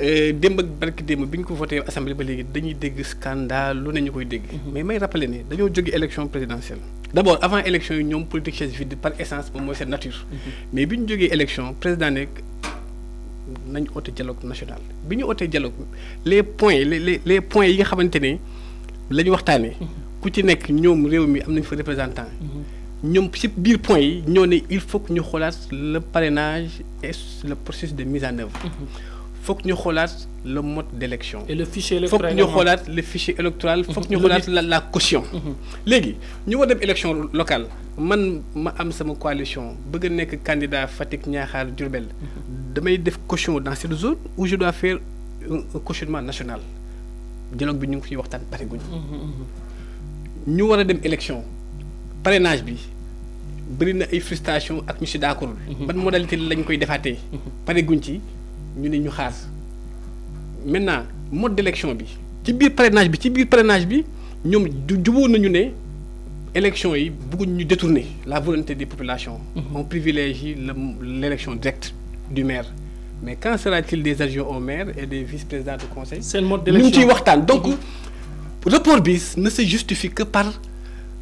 S6: euh, démb ak barki démb biñ ko voté assemblée ba légui dañuy dégg scandale lu ñu koy dégg. mais may rappeler né dañoo joggé élection présidentielle. d'abord avant élection ñom politique chaise vide par essence pour moi c'est nature. mais biñ joggé élection président nañ autre dialogue national dialogue les points les les points yi nga ku ci mi am point il faut que ñu le parrainage et le processus de mise en œuvre faut que ñu xoolaat le mode d'élection. et le fichier électoral foog ñu xoolaat le fichier électoral. Faut ñu nous la la caution. Mhm. Légui, ñu war dem élection locale man ma am sama coalition bëgg veux nekk candidat Fatick Niakhar Diourbel. Mhm. damay def caution dans cette zone où je dois faire un cautionnement national dialogue bi ñu ngi ciy waxtaan pare guñu. Mhm, ñu war a dem élection parrainage bi. bëri na ay frustration ak ñu Dakour. d'accord ban modalité lañ koy defaatee. pare guñ ci ñu ne ñu xaar maintenant mode d'élection bi ci biir parrainage bi ci biir parrainage bi nañu ne élection yi détourner la volonté des populations. Mhm. on privilégie l'élection directe du maire. mais quand sera-t-il des agents au maire et des vice-présidents du conseil. C'est le mode d'élection ñu donc le mhm. bi ne se justifie que par.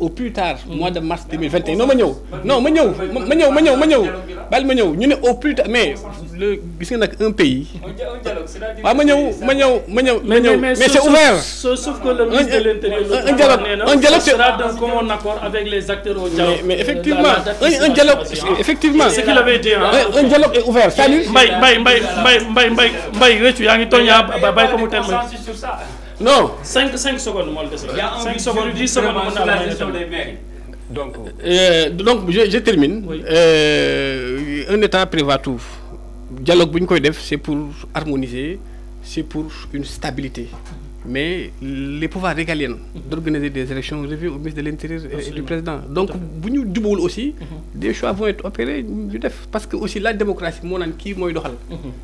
S6: au plus tard mois de mars 2021 non ma non ma ma au plus mais le nga un pays ma mais c'est ouvert
S1: sauf que le un dialogue accord avec les acteurs mais effectivement un dialogue effectivement ce qu'il avait dit un dialogue est ouvert salut non 5 5 secondes moo la Il y' a 5 secondes 10 secondes mën naa la
S3: donc euh,
S6: euh, donc je je termine. Euh, un état privatif dialogue bu def c'est pour harmoniser c'est pour une stabilité mais les pouvoirs régaliens d'organiser des élections revues au ministre de l'intérieur et du président donc si nous aussi mhm. des choix vont être opérés du def parce que aussi la démocratie moo qui est mooy mhm.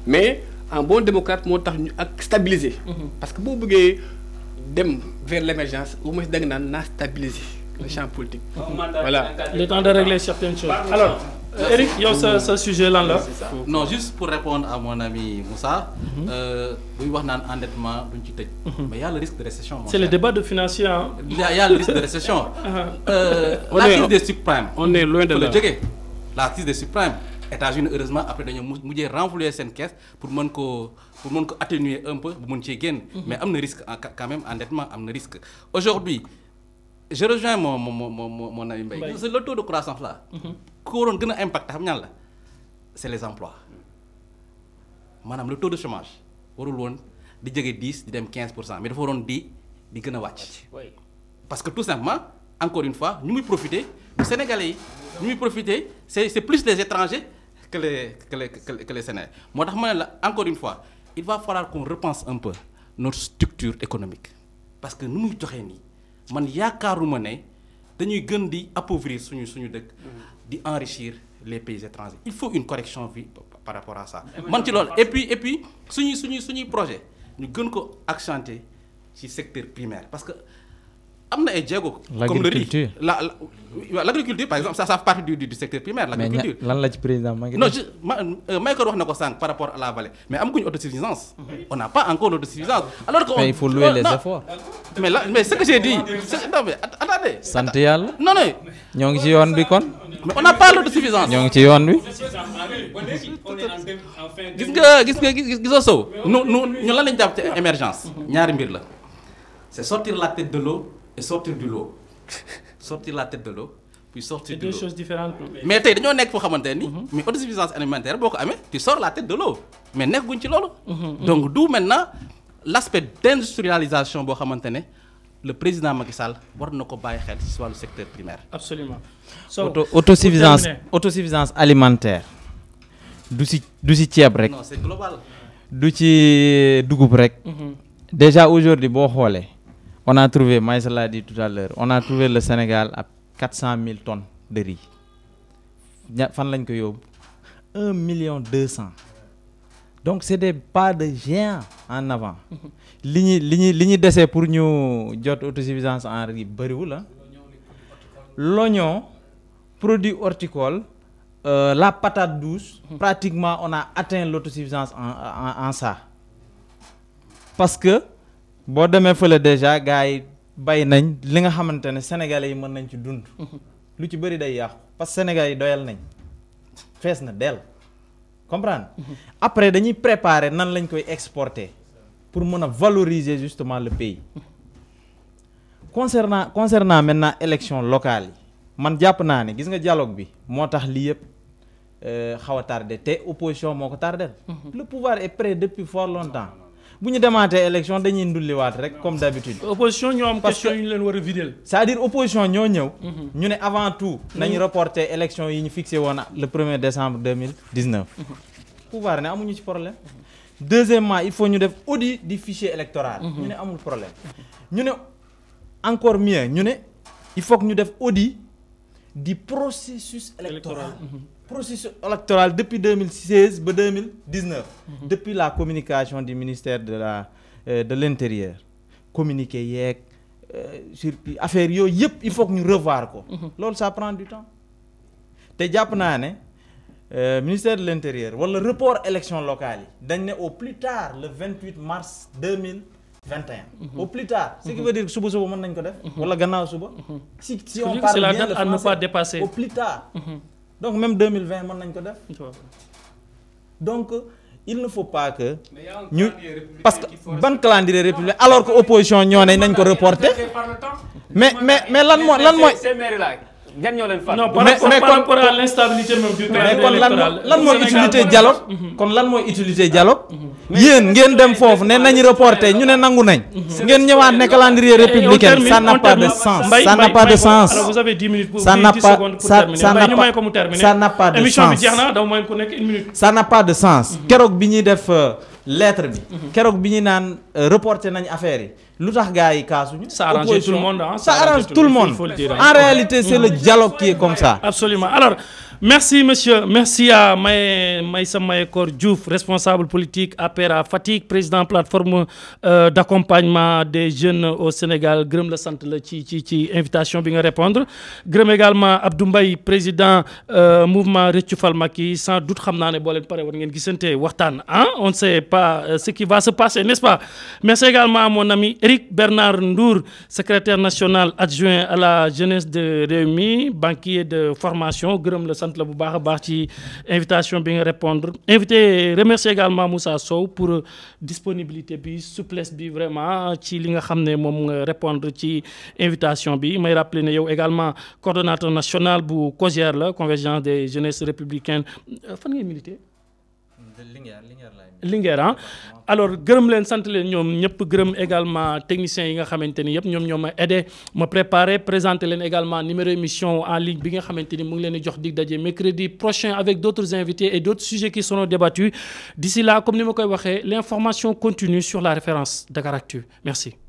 S6: mais un bon démocrate mon à stabiliser. Mhm. parce que vous bëggee dem vers l'émergence ou au moins d'un stabiliser. le champ politique. Mhm. voilà le temps de régler certaines choses. alors Eric y a ce sujet là non
S4: juste pour répondre à mon ami Moussa. vous mhm. euh, wax un endettement d'une ci mais y a le risque de récession. c'est le débat
S1: de financier hein. il, y a le risque de récession. Uh-huh. Euh, la crise des
S4: subprimes. on est loin de là la crise des subprimes. États-Unis heureusement après dañu mujjee renflouer cette caisse pour mën pour mën atténuer un peu pour mën cee guen mhm. mais amna risque quand même endettement amna risque. aujourd'hui je rejoins mon mon mon mon mon ami c'est le taux de croissance là. couronne mhm. gëna impact la c'est les emplois manam le taux de chômage warul won di 10 di dem 15 mais dafa faut di di gën a parce que tout simplement encore une fois ñu muy profiter du Sénégalais nous ñu muy profiter c'est c'est plus les étrangers que les que les encore une fois il va falloir qu'on repense un peu notre structure économique parce que nous, nous nous appauvrir mm-hmm. enrichir les pays étrangers il faut une correction par rapport à ça et puis et puis nous projet nous gën ko sur secteur primaire parce que amna na ay jéego. comme le riz la l'agriculture, par exemple ça ça fait partie du du secteur primaire. L'agriculture. agriculture mais lan la ci président Maguette. non je Maguette euh, wax na ko par rapport à la vallée mais amaguñu autosuffisance. on n'a pas encore l'autosuffisance. alors que on il faut louer les efforts. mais la mais ce que j'ai dit non mais attendez.
S5: sant yalla non non. ñong ci yoon
S4: bi kon. mais on n'a pas l'autosuffisance. ñong ci yoon bi. gis nga gis nga gis gisoo Nous nous ñu lan lañ jàpp émergence. ñaari mbir la. c'est sortir la tête de l'eau et sortir de l'eau sortir la tête de l'eau puis sortir de l'eau. deux choses différentes. mais tu dañoo nekk foo xamante ni. Mhm. mais autosuffisance alimentaire boo tu sors la tête de l'eau mais tu guñ ci loolu. Mhm, mhm. donc d'où maintenant l'aspect d'industrialisation, le président Macky Sall war na ko bàyyi xel secteur primaire. absolument so autosuffisance
S5: autosuffisance alimentaire du si du si non c'est global. ci déjà aujourd'hui bon, xoolee on a trouvé, Maïs a dit tout à l'heure, on a trouvé le Sénégal à 400 000 tonnes de riz. Fan lañ ko 1 million Donc c'est des pas de géant en avant. Liñi pour nous, autosuffisance en riz hein? L'oignon produit horticole euh, la patate douce, pratiquement on a atteint l'autosuffisance en ça. Parce que bo demee feulé déjà gaay yi bay nañ li nga xamantene sénégalais yi mën nañ ci dund. Mhm. lu ci bëri day yaax parce que sénégalais yi doyal nañ fess na del comprendre. Mhm. après dañuy préparer nan lañ koy exporter pour mën valoriser justement le pays. concernant concernant maintenant élection locale man japp naa ne gis nga dialogue bi moo tax lii yëpp euh, xaw a tardé te opposition moo ko tardé. Mhm. le pouvoir est prêt depuis fort longtemps. Si l'élection, demaatee élection dañuy ndulliwaat rek comme d'habitude. opposition a une question de ñu c'est-à-dire que l'opposition, nous, ñu avant tout. reporté mhm. reporter élection yi ñu fixé woon le er décembre 2019. Mhm. pouvoir ne amuñu problème. deuxièmement il faut nous def audit du fichier électoral. Nous mhm. ne un problème. Nous, ne encore mieux il faut que nous def audit du
S4: processus électoral processus
S5: électoral depuis 2016 à 2019. depuis la communication du ministère de euh, l'intérieur communiqué euh, sur les affaires il faut que nous revoir ko. Mhm. ça prend du temps te jàpp euh, ministère de l'intérieur le report élection locale yi au plus tard le 28 mars 2021. Mhm. au plus tard. ce qui mhm. veut dire que peu suba temps, nañ ko def. wala de suba. si si on parle bien le dépasser. au plus tard donc même 2020 donc il ne faut pas que parce que ban des ah, républicain alors que l'opposition on est ko reporter mais mais mais lan moi, gan ñoo mais
S2: kon lan lan mooy utilité dialogue.
S5: Mhm. kon lan mooy utilité dialogue. Mhm. yéen ngeen dem foofu ne nañu reporté ñu ne nangu nañ. Mhm. ngeen ñëwaat ne calendrier républicain ça n'a pas de sens. ça n'a pas de sens. alors vous avez
S1: 10 de sens émission bi jeex
S5: na de sens. keroog bi ñuy def euh, lettre bi. keroog bi ñuy naan euh, reporté nañ affaire yi. ça arrange tout le monde hein. ça, arrange tout le monde hein. en réalité c'est le dialogue qui est comme ça.
S1: absolument alors merci monsieur merci à Maïssa responsable politique à à Fatik, président plateforme euh, d'accompagnement des jeunes au Sénégal Grim le centre le ci invitation bi répondre Grim également Abdoumbaye président euh, mouvement Rëccu Maki sans doute hein? on ne sait pas euh, ce qui va se passer n'est-ce pas merci également à mon ami Eric Bernard Ndour, secrétaire national adjoint à la jeunesse de Réumi, banquier de formation, le le de la bu invitation bi répondre invité remercier également Moussa Sow pour disponibilité bi souplesse bi vraiment ci li nga à l'invitation. répondre ci invitation bi may rappeler également coordonnateur national pour la convergence des jeunesses républicaines euh, fan ngay militaire. Linguère ah. alors gërëm leen sant leen ñoom ñëpp également techniciens yi nga xamante ni yëpp ñoom ñoo ma aidé ma préparé présenté leen également numéro émission en ligne bi nga xamante ni mu ngi leen di jox dig mercredi prochain avec d'autres invités et d'autres sujets qui seront débattus d'ici là comme nous ma koy waxee l'information continue sur la référence Dakaractu merci